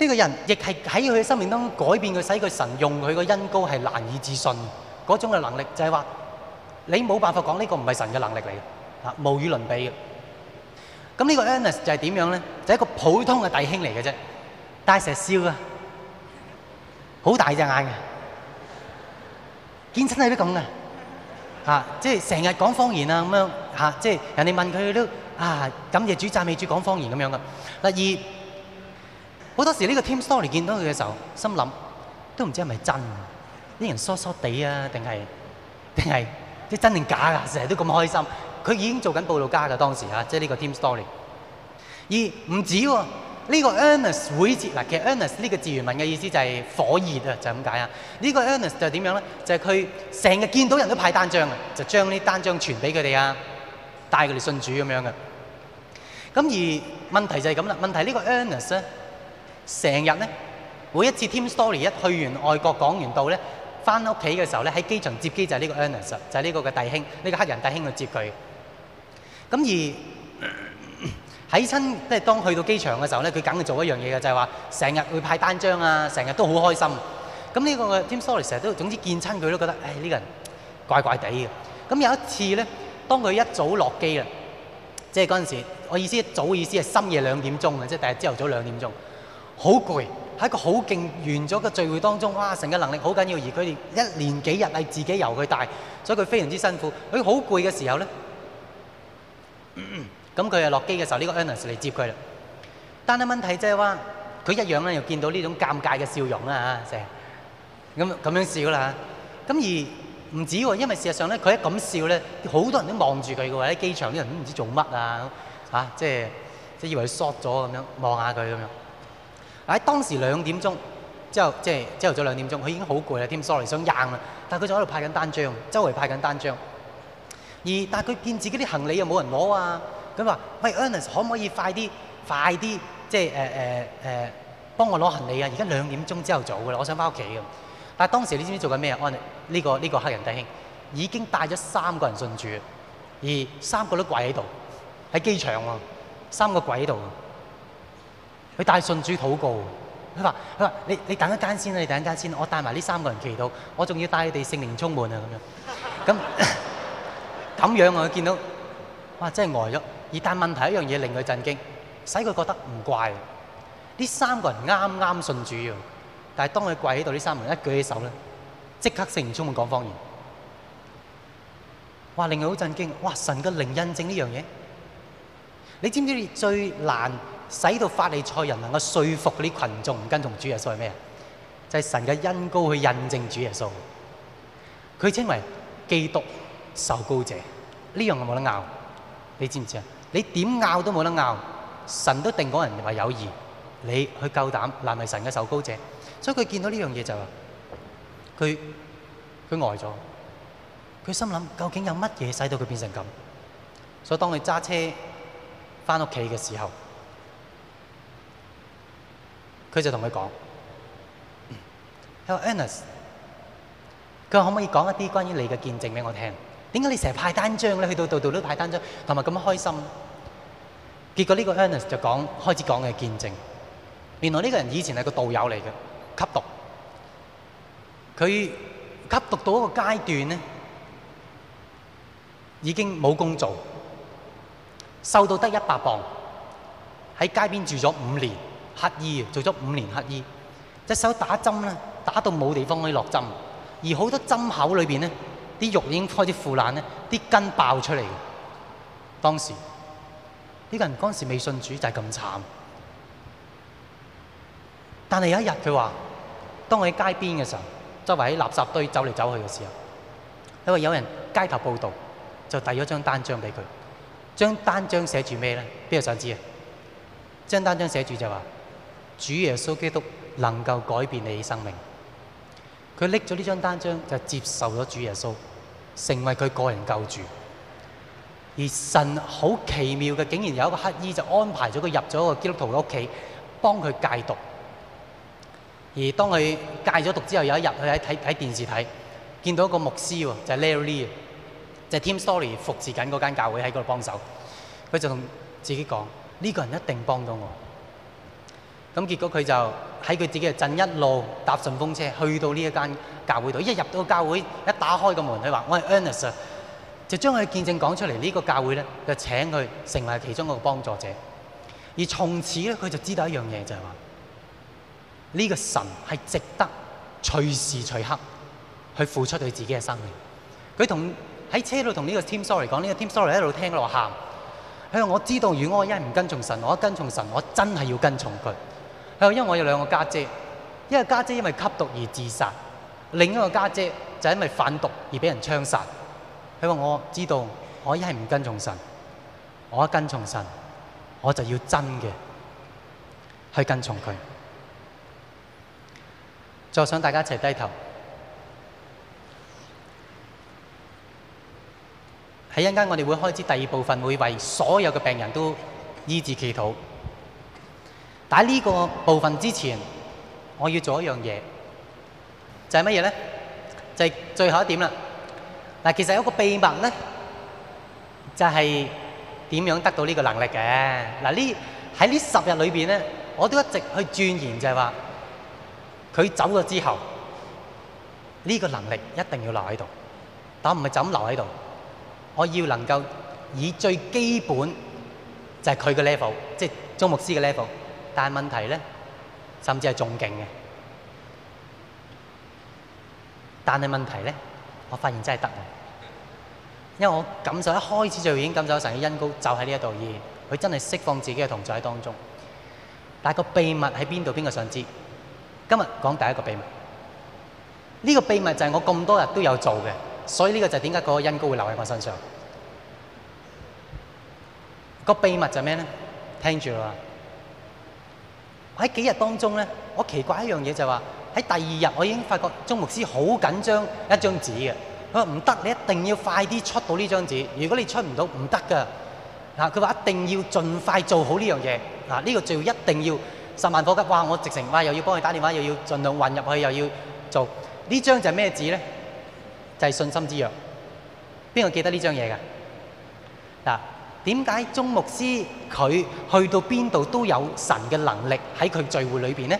呢、這個人亦係喺佢嘅生命當中改變佢，使佢神用佢個恩膏係難以置信。嗰種嘅能力就係話，你冇辦法講呢個唔係神嘅能力嚟嘅，嚇無與倫比嘅。咁呢個 Ennis 就係點樣咧？就係一個普通嘅弟兄嚟嘅啫，戴石燒啊，好大隻眼嘅，見親係都咁嘅，嚇即係成日講方言啊咁樣嚇，即係人哋問佢都，啊感謝主讚美主，講方言咁樣嘅。第二好多時呢個 Tim Story 見到佢嘅時候，心諗都唔知係咪真。啲人疏疏地啊，定係定係啲真定假噶？成日都咁開心，佢已經做緊報道家噶當時啊，即係呢個 Team Story。而唔止喎，呢個 Ernest 會節嗱，其實 Ernest 呢個字源文嘅意思就係火熱啊，就係咁解啊。呢個 Ernest 就點樣咧？就係佢成日見到人都派單張啊，就將呢單張傳俾佢哋啊，帶佢哋信主咁樣嘅。咁而問題就係咁啦，問題呢個 Ernest 咧，成日咧，每一次 Team Story 一去完外國講完道咧。翻屋企嘅時候咧，喺機場接機就係呢個 Ernest，就係呢個嘅弟兄，呢、呢個黑人弟兄去接佢。咁而喺親即係當去到機場嘅時候咧，佢梗係做一樣嘢嘅，就係話成日會派單張啊，成日都好開心。咁呢個嘅 Tim Solly 成日都總之見親佢都覺得，唉呢、呢個人怪怪地嘅。咁有一次咧，當佢一早落機啦，即係嗰陣時，我意思一早意思係深夜兩點鐘啊，即係第日朝頭早兩點鐘，好攰。喺一個好勁完咗嘅聚會當中，哇！神嘅能力好緊要，而佢哋一連幾日係自己由佢帶，所以佢非常之辛苦。佢好攰嘅時候咧，咁佢啊落機嘅時候，呢、嗯嗯呢個 Ernest 嚟接佢啦。但係問題即係話，佢一樣咧又見到呢種尷尬嘅笑容啦嚇，咁、啊、咁、啊啊啊、樣笑啦嚇。咁、啊、而唔止喎，因為事實上咧，佢一咁笑咧，好多人都望住佢嘅喎。喺機場啲人都唔知做乜啊嚇、啊啊，即係即係以為佢 short 咗咁樣望下佢咁樣。看看喺當時兩點鐘之後，即係朝頭早兩點鐘，佢已經好攰啦，添。sorry，想硬啦，但係佢就喺度派緊單張，周圍派緊單張。而但係佢見自己啲行李又冇人攞啊！佢話：喂，e a 安德斯，Ernest，可唔可以快啲、快啲，即係誒誒誒，幫我攞行李啊！而家兩點鐘之後早嘅啦，我想返屋企嘅。但係當時你知唔知做緊咩啊？安德斯呢個呢、呢個黑人弟兄已經帶咗三個人信主，而三個都跪喺度，喺機場啊，三個跪喺度。佢帶信主禱告，佢話：佢話你你等一間先啦，你等一間先，我帶埋呢三個人祈禱，我仲要帶你哋聖靈充滿啊咁樣。咁咁樣我見到，哇！真係呆咗。而但係問題一樣嘢令佢震驚，使佢覺得唔怪。呢三個人啱啱信主啊，但係當佢跪喺度，呢三個人一舉起手咧，即刻聖靈充滿講方言。哇！令佢好震驚，哇！神嘅靈印證呢樣嘢。你知唔知最難？使到法利賽人能夠說服啲群眾唔跟從主耶穌係咩啊？就係、是、神嘅恩膏去印證主耶穌，佢稱為基督受膏者。呢樣我冇得拗，你知唔知啊？你點拗都冇得拗，神都定嗰人哋話有義，你去夠膽難為神嘅受膏者，所以佢見到呢樣嘢就話、是，佢佢呆咗，佢心諗究竟有乜嘢使到佢變成咁？所以當佢揸車翻屋企嘅時候。佢就同佢講：佢話 Ernest，佢話可唔可以講一啲關於你嘅見證俾我聽？點解你成日派單張咧？去到度度都派單張，同埋咁開心？結果呢個 Ernest 就講，開始講嘅見證。原來呢個人以前係個導遊嚟嘅，吸毒。佢吸毒到一個階段咧，已經冇工做，瘦到得一百磅，喺街邊住咗五年。乞衣啊，做咗五年乞衣，隻手打針咧，打到冇地方可以落針，而好多針口裏邊咧，啲肉已經開始腐爛咧，啲筋爆出嚟。當時呢個人嗰陣時未信主就係咁慘，但係有一日佢話：當我喺街邊嘅時候，周圍喺垃圾堆走嚟走去嘅時候，因為有人街頭報道，就遞咗張單張俾佢，張單張寫住咩咧？邊度想知啊？張單張寫住就話。主耶穌基督能夠改變你的生命，佢拎咗呢張單張就接受咗主耶穌，成為佢個人救主。而神好奇妙嘅，竟然有一個乞丐就安排咗佢入咗一個基督徒嘅屋企，幫佢戒毒。而當佢戒咗毒之後，有一日佢喺睇睇電視睇，見到一個牧師喎，就係 Larry Lee 就 Tim Story 服侍緊嗰間教會喺嗰度幫手。佢就同自己講：呢、呢個人一定幫到我。咁結果佢就喺佢自己嘅鎮一路搭順風車去到呢一間教會度，一入到教會一打開個門，佢話我係 Ernest，就將佢嘅見證講出嚟。呢、這個教會咧就請佢成為其中一個幫助者，而從此咧佢就知道一樣嘢就係、是、話，呢、這個神係值得隨時隨刻去付出佢自己嘅生命。佢同喺車度同呢個 Tim Story 講，呢、這個 Tim Story 喺度聽落喊，佢話我知道如果我一唔跟從神，我一跟從神，我真係要跟從佢。因為我有兩個家姐，一個家姐因為吸毒而自殺，另一個家姐就因為販毒而畀人槍殺。佢話我知道，我一係唔跟從神，我一跟從神，我就要真嘅去跟從佢。就想大家一齊低頭。一陣間我哋會開始第二部分，會為所有嘅病人都醫治祈禱。但喺呢個部分之前，我要做一樣嘢，就係乜嘢咧？就係最後一點啦。嗱，其實有一個秘密咧，就係點樣得到呢個能力嘅？嗱，呢喺呢十日裏邊咧，我都一直去鑽研，就係話佢走咗之後，呢個能力一定要留喺度。但我唔係就咁留喺度，我要能夠以最基本就係佢嘅 level，即係鍾牧師嘅 level。但係問題咧，甚至係仲勁嘅。但係問題咧，我發現真係得嘅，因為我感受一開始就已經感受到神嘅恩膏，就喺呢一度而，佢真係釋放自己嘅同在當中。但係個秘密喺邊度？邊個想知？今日講第一個秘密。呢個秘密就係我咁多日都有做嘅，所以呢個就係點解嗰個恩膏會留喺我身上。個秘密就係咩咧？聽住啦。喺幾日當中咧，我奇怪一樣嘢就話喺第二日，我已經發覺鍾牧師好緊張一張紙嘅。佢話唔得，你一定要快啲出到呢張紙，如果你出唔到唔得㗎。嗱，佢話一定要盡快做好呢樣嘢。嗱，呢個就一定要十萬火急。哇！我直情哇又要幫佢打電話，又要盡量運入去，又要做。呢張就係咩紙咧？就係、是、信心之約。邊個記得呢張嘢㗎？嗱、啊。點解鍾牧師佢去到邊度都有神嘅能力喺佢聚會裏邊呢？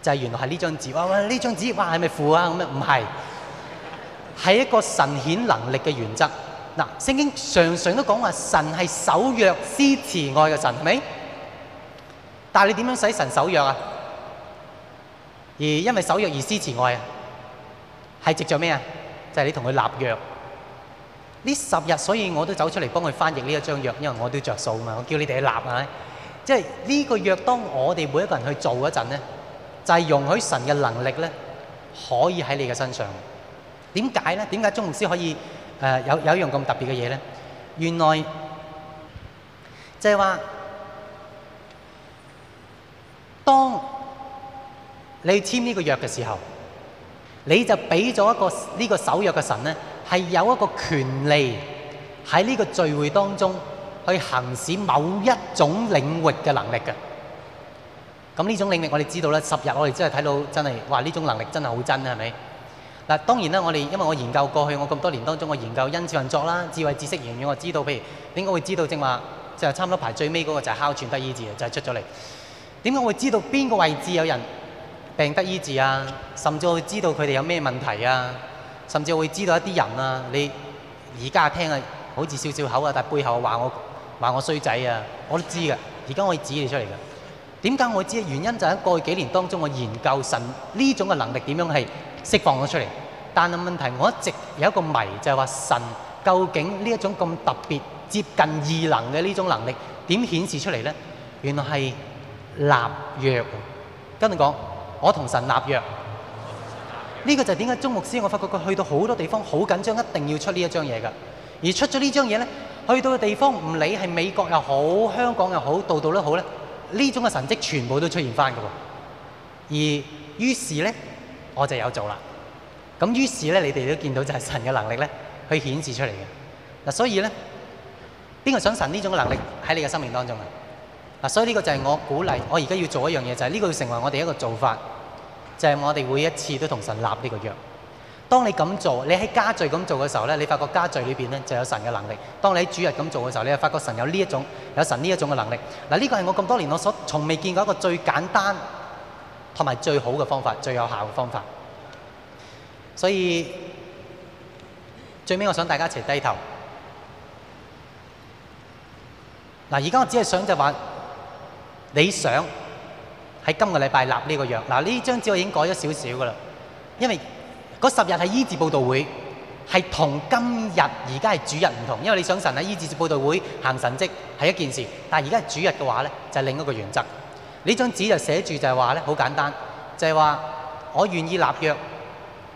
就係原來係呢張紙，哇哇，呢張紙，哇係咪符啊？咁樣唔係，係一個神顯能力嘅原則。嗱，聖經常常都講話神係守約施慈愛嘅神，係咪？但係你點樣使神守約啊？而因為守約而施慈愛啊？係藉着咩啊？就係你同佢立約。呢十日，所以我都走出嚟幫佢翻譯呢一張約，因為我都着數啊嘛，我叫你哋立下即係呢個約，當我哋每一個人去做一陣咧，就係、是、容許神嘅能力咧，可以喺你嘅身上。點解咧？點解鍾牧師可以、呃、有有一樣咁特別嘅嘢咧？原來就係、是、話，當你簽呢個約嘅時候，你就俾咗一個呢、這個守約嘅神咧。係有一個權利喺呢個聚會當中去行使某一種領域嘅能力嘅。咁呢種領域我哋知道咧，十日我哋真係睇到真係，哇！呢種能力真係好真啊，係咪？嗱，當然啦，我哋因為我研究過去，我咁多年當中，我研究因事運作啦，智慧知識源究，我知道，譬如點解會知道正話就係差唔多排最尾嗰個就係哮喘得醫治，就係出咗嚟。點解會知道邊個位置有人病得醫治啊？甚至我會知道佢哋有咩問題啊？甚至我會知道一啲人啊，你而家聽啊，好似笑笑口啊，但係背後話我話我衰仔啊，我都知嘅，而家我可以指你出嚟嘅。點解我會知嘅原因就喺過去幾年當中，我研究神呢種嘅能力點樣係釋放咗出嚟。但係問題我一直有一個謎，就係話神究竟呢一種咁特別接近異能嘅呢種能力點顯示出嚟呢？原來係立約。跟住講，我同神立約。呢個就係點解鍾牧師，我發覺佢去到好多地方好緊張，一定要出呢一張嘢噶。而出咗呢張嘢呢，去到嘅地方，唔理係美國又好，香港又好，度度都好呢，呢種嘅神跡全部都出現翻噶喎。而於是呢，我就有做啦。咁於是呢，你哋都見到就係神嘅能力呢去顯示出嚟嘅嗱。所以呢，邊個想神呢種能力喺你嘅生命當中啊？嗱，所以呢個就係我鼓勵，我而家要做一樣嘢，就係呢個要成為我哋一個做法。就係、是、我哋每一次都同神立呢個約。當你咁做，你喺家聚咁做嘅時候咧，你發覺家聚裏邊咧就有神嘅能力。當你喺主日咁做嘅時候，你又發覺神有呢一種，有神呢一種嘅能力。嗱，呢個係我咁多年我所從未見過一個最簡單同埋最好嘅方法，最有效嘅方法。所以最尾我想大家一齊低頭。嗱，而家我只係想就係話你想。喺今個禮拜立呢個約，嗱，呢張紙我已經改咗少少噶啦，因為嗰十日係醫治報道會，係同今日而家係主日唔同，因為你想神喺醫治報道會行神蹟係一件事，但係而家係主日嘅話咧就係另一個原則。呢張紙就寫住就係話咧，好簡單，就係話我願意立約，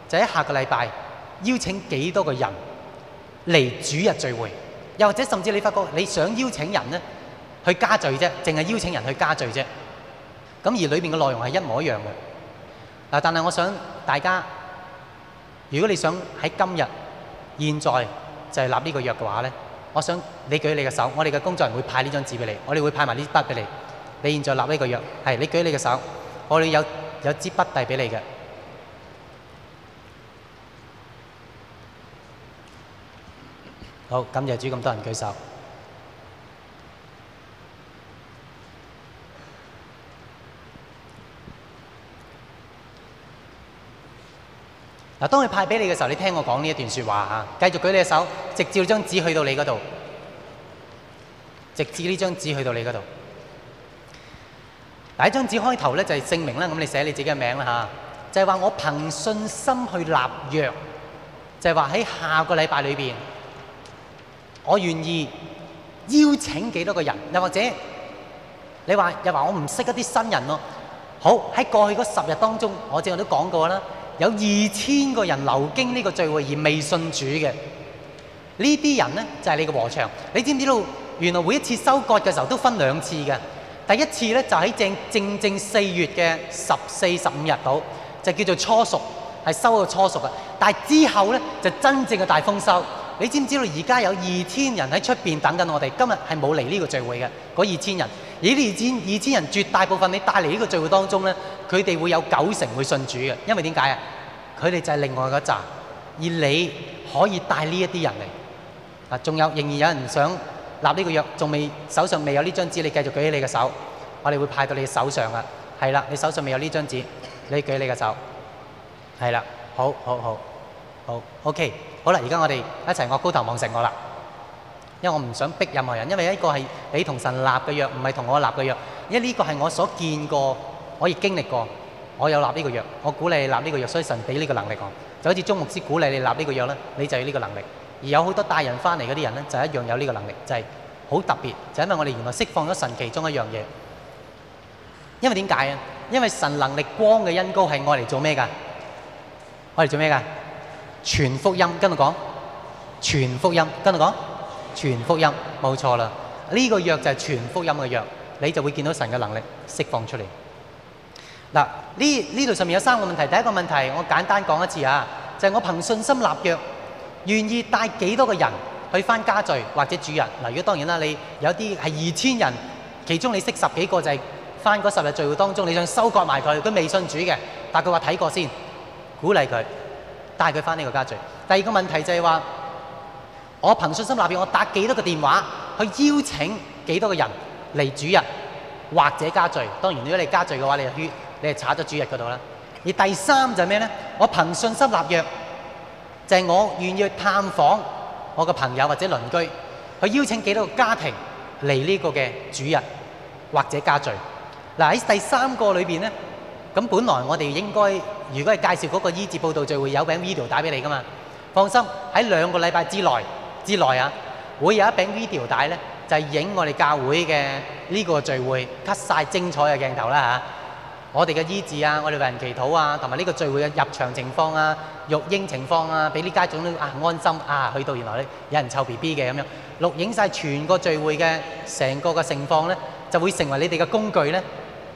就喺下個禮拜邀請幾多個人嚟主日聚會，又或者甚至你發覺你想邀請人咧去加聚啫，淨係邀請人去加聚啫。咁而裏面嘅內容係一模一樣嘅。嗱，但係我想大家，如果你想喺今日、現在就立呢個約嘅話咧，我想你舉你嘅手。我哋嘅工作人員會派呢張紙俾你，我哋會派埋呢支筆俾你。你現在立呢個約，係你舉你嘅手，我哋有有支筆遞俾你嘅。好，感謝主，咁多人舉手。當佢派俾你嘅時候，你聽我講呢一段説話，繼續舉你隻手，直接張紙去到你嗰度，直至呢張紙去到你嗰度。第一張紙開頭就係證明啦，咁你寫你自己嘅名字，就係話我憑信心去立約，就係話喺下個禮拜裏面，我願意邀請幾多個人，又或者你話又話我唔識一啲新人。好，喺過去嗰十日當中，我之前都講過啦。有二千個人流經呢個聚會而未信主嘅，呢啲人呢，就係、是、你嘅禾場。你知唔知道？原來每一次收割嘅時候都分兩次嘅，第一次呢，就喺正，正正正四月嘅十四、十五日到，就叫做初熟，係收到初熟嘅。但之後呢，就真正嘅大豐收。你知唔知道而家有二千人喺出邊等緊我哋？今日係冇嚟呢個聚會嘅嗰二千人。而呢二千二千人絕大部分你帶嚟呢個聚會當中呢，佢哋會有九成會信主嘅。因為點解啊？佢哋就係另外嗰扎，而你可以帶呢一啲人嚟。啊，仲有仍然有人想立呢個約，仲未手上未有呢張紙，你繼續舉起你嘅手。我哋會派到你嘅手上啊。係啦，你手上未有呢張紙，你舉起你嘅手。係啦，好好好。好好。好，OK，好啦，而家我哋一齊擱高頭望成我啦，因為我唔想逼任何人，因為呢個係你同神立嘅約，唔係同我立嘅約。因為呢個係我所見過、我亦經歷過，我有立呢個約，我鼓勵你立呢個約，所以神俾呢個能力我，就好似鐘牧師鼓勵你立呢個約咧，你就有呢個能力。而有好多帶人翻嚟嗰啲人咧，就一樣有呢個能力，就係好特別，就因為我哋原來釋放咗神其中一樣嘢。因為點解啊？因為神能力光嘅恩膏係愛嚟做咩㗎？愛嚟做咩㗎？全福音，跟住講，全福音，跟住講，全福音，冇錯啦。呢、這個約就係全福音嘅約，你就會見到神嘅能力釋放出嚟。嗱，呢，呢度上面有三個問題，第一個問題我簡單講一次啊，就係、是、我憑信心立約，願意帶幾多個人去翻家聚或者主日。嗱，如果當然啦，你有啲係二千人，其中你識十幾個就係翻嗰十日聚會當中，你想收割埋佢，佢未信主嘅，但係佢話睇過先，鼓勵佢。帶佢返呢個家聚。第二個問題就係話，我憑信心立約，我打幾多個電話去邀請幾多個人嚟主日或者家聚。當然，如果你家聚嘅話，你係於你係查咗主日嗰度啦。而第三就係咩咧？我憑信心立約，就係我願意去探訪我嘅朋友或者鄰居，去邀請幾多個家庭嚟呢個嘅主日或者家聚。嗱喺第三個裏邊咧，咁本來我哋應該。如果係介紹嗰個醫治報道聚會，有柄 video 帶俾你㗎嘛？放心，喺兩個禮拜之內之內啊，會有一柄 video 帶呢就係、是、影我哋教會嘅呢個聚會 cut 曬精彩嘅鏡頭啦。我哋嘅醫治啊，我哋為人祈禱啊，同埋呢個聚會嘅入場情況啊、育嬰情況啊，俾啲家長都、啊、安心啊，去到原來有人湊 BB 嘅咁樣錄影晒全個聚會嘅成個嘅情況呢，就會成為你哋嘅工具呢。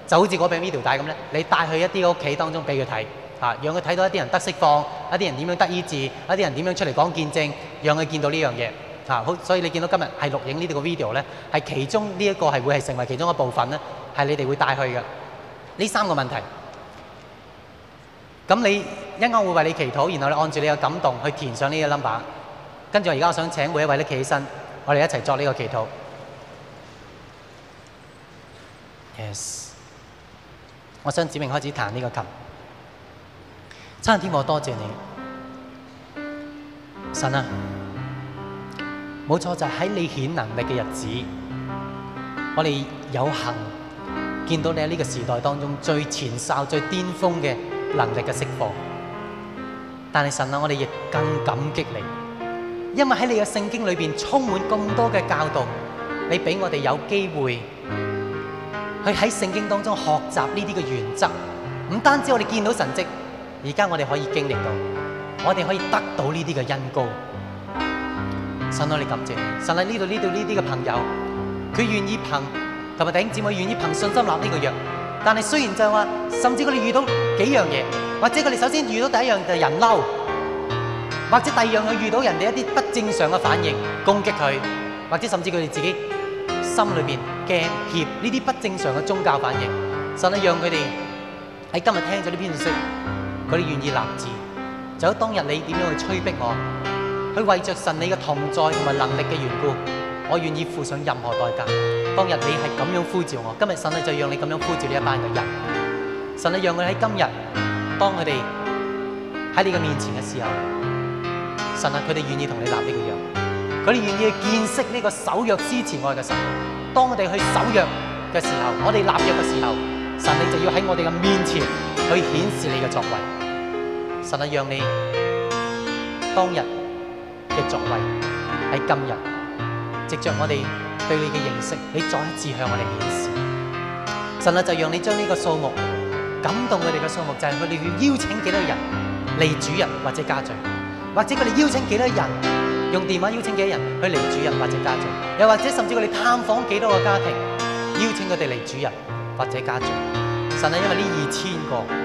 就好似嗰柄 video 帶咁咧，你帶去一啲屋企當中俾佢睇。啊！讓佢睇到一啲人得釋放，一啲人點樣得醫治，一啲人點樣出嚟講見證，讓佢見到呢樣嘢。嚇！好，所以你見到今日係錄影呢度個 video 咧，係其中呢一個係會係成為其中一部分咧，係你哋會帶去嘅。呢三個問題，咁你一啱會為你祈禱，然後你按住你嘅感動去填上呢個 number。跟住我而家我想請每一位都企起身，我哋一齊作呢個祈禱。Yes，我想子明開始彈呢個琴。三天我多謝你，神啊，冇錯就喺、是、你顯能力嘅日子，我哋有幸見到你喺呢個時代當中最前哨、最巔峰嘅能力嘅釋放。但係神啊，我哋亦更感激你，因為喺你嘅聖經裏面充滿咁多嘅教導，你畀我哋有機會去喺聖經當中學習呢啲嘅原則。唔單止我哋見到神蹟。而家我哋可以經歷到，我哋可以得到呢啲嘅恩膏。神多你感謝，神喺呢度呢度呢啲嘅朋友，佢願意憑同埋弟兄姊妹願意憑信心立呢個約。但係雖然就係、是、話，甚至佢哋遇到幾樣嘢，或者佢哋首先遇到第一樣就係人嬲，或者第二樣佢遇到人哋一啲不正常嘅反應攻擊佢，或者甚至佢哋自己心裏邊驚怯呢啲不正常嘅宗教反應。神啊，讓佢哋喺今日聽咗呢篇信息。佢哋願意立志，就喺當日你點樣去催逼我，去為着神你嘅同在同埋能力嘅緣故，我願意付上任何代價。當日你係咁樣呼召我，今日神你就要讓你咁樣呼召呢一班嘅人。神你讓佢哋喺今日，當佢哋喺你嘅面前嘅時候，神啊，佢哋願意同你立呢個約，佢哋願意去見識呢個守約施慈愛嘅神。當我哋去守約嘅時候，我哋立約嘅時候，神你就要喺我哋嘅面前去顯示你嘅作為。神啊，讓你當日嘅作為喺今日，藉着我哋對你嘅認識，你再一次向我哋顯示。神啊，就讓你將呢個數目感動佢哋嘅數目，就係佢哋要邀請幾多人嚟主人或者家聚，或者佢哋邀請幾多人用電話邀請幾多人去嚟主人或者家聚，又或者甚至佢哋探訪幾多個家庭，邀請佢哋嚟主人或者家聚。神啊，因為呢二千個。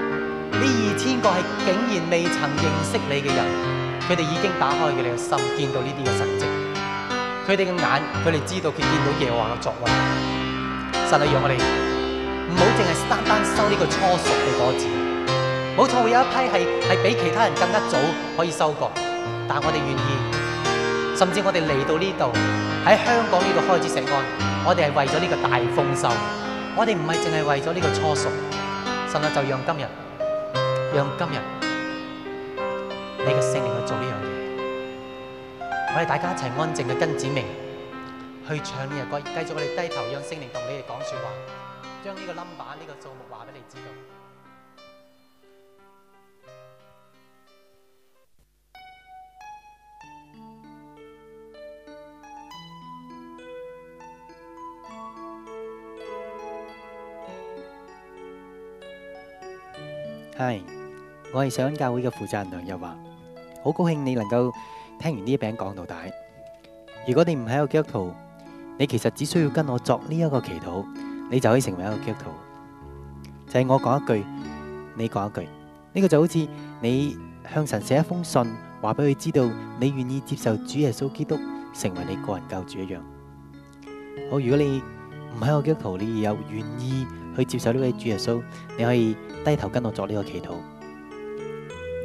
呢二千個係竟然未曾認識你嘅人，佢哋已經打開佢哋嘅心，見到呢啲嘅神蹟。佢哋嘅眼，佢哋知道佢見到耶和華嘅作為。神啊，讓我哋唔好淨係單單收呢個初熟嘅果子。冇錯，會有一批係係比其他人更加早可以收割。但我哋願意，甚至我哋嚟到呢度喺香港呢度開始食案，我哋係為咗呢個大豐收。我哋唔係淨係為咗呢個初熟。神啊，就讓今日。讓今日你嘅聖靈去做呢樣嘢，我哋大家一齊安靜嘅跟子明去唱呢個歌，繼續我哋低頭讓聖靈同你哋講說話，將呢個 number 呢個數目話俾你知道。係。我係上教會嘅負責人，梁日華，好高興你能夠聽完呢一餅講到大。如果你唔喺個基督徒，你其實只需要跟我作呢一個祈禱，你就可以成為一個基督徒。就係我講一句，你講一句，呢個就好似你向神寫一封信，話俾佢知道你願意接受主耶穌基督成為你個人救主一樣。好，如果你唔喺個基督徒，你有願意去接受呢位主耶穌，你可以低頭跟我作呢個祈禱。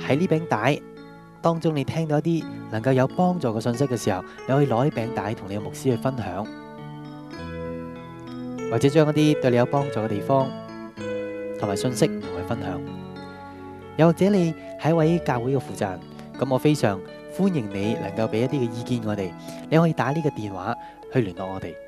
喺呢餅帶當中，你聽到一啲能夠有幫助嘅信息嘅時候，你可以攞啲餅帶同你嘅牧師去分享，或者將一啲對你有幫助嘅地方同埋信息同佢分享。又或者你係一位教會嘅負責人，咁我非常歡迎你能夠俾一啲嘅意見我哋。你可以打呢個電話去聯絡我哋。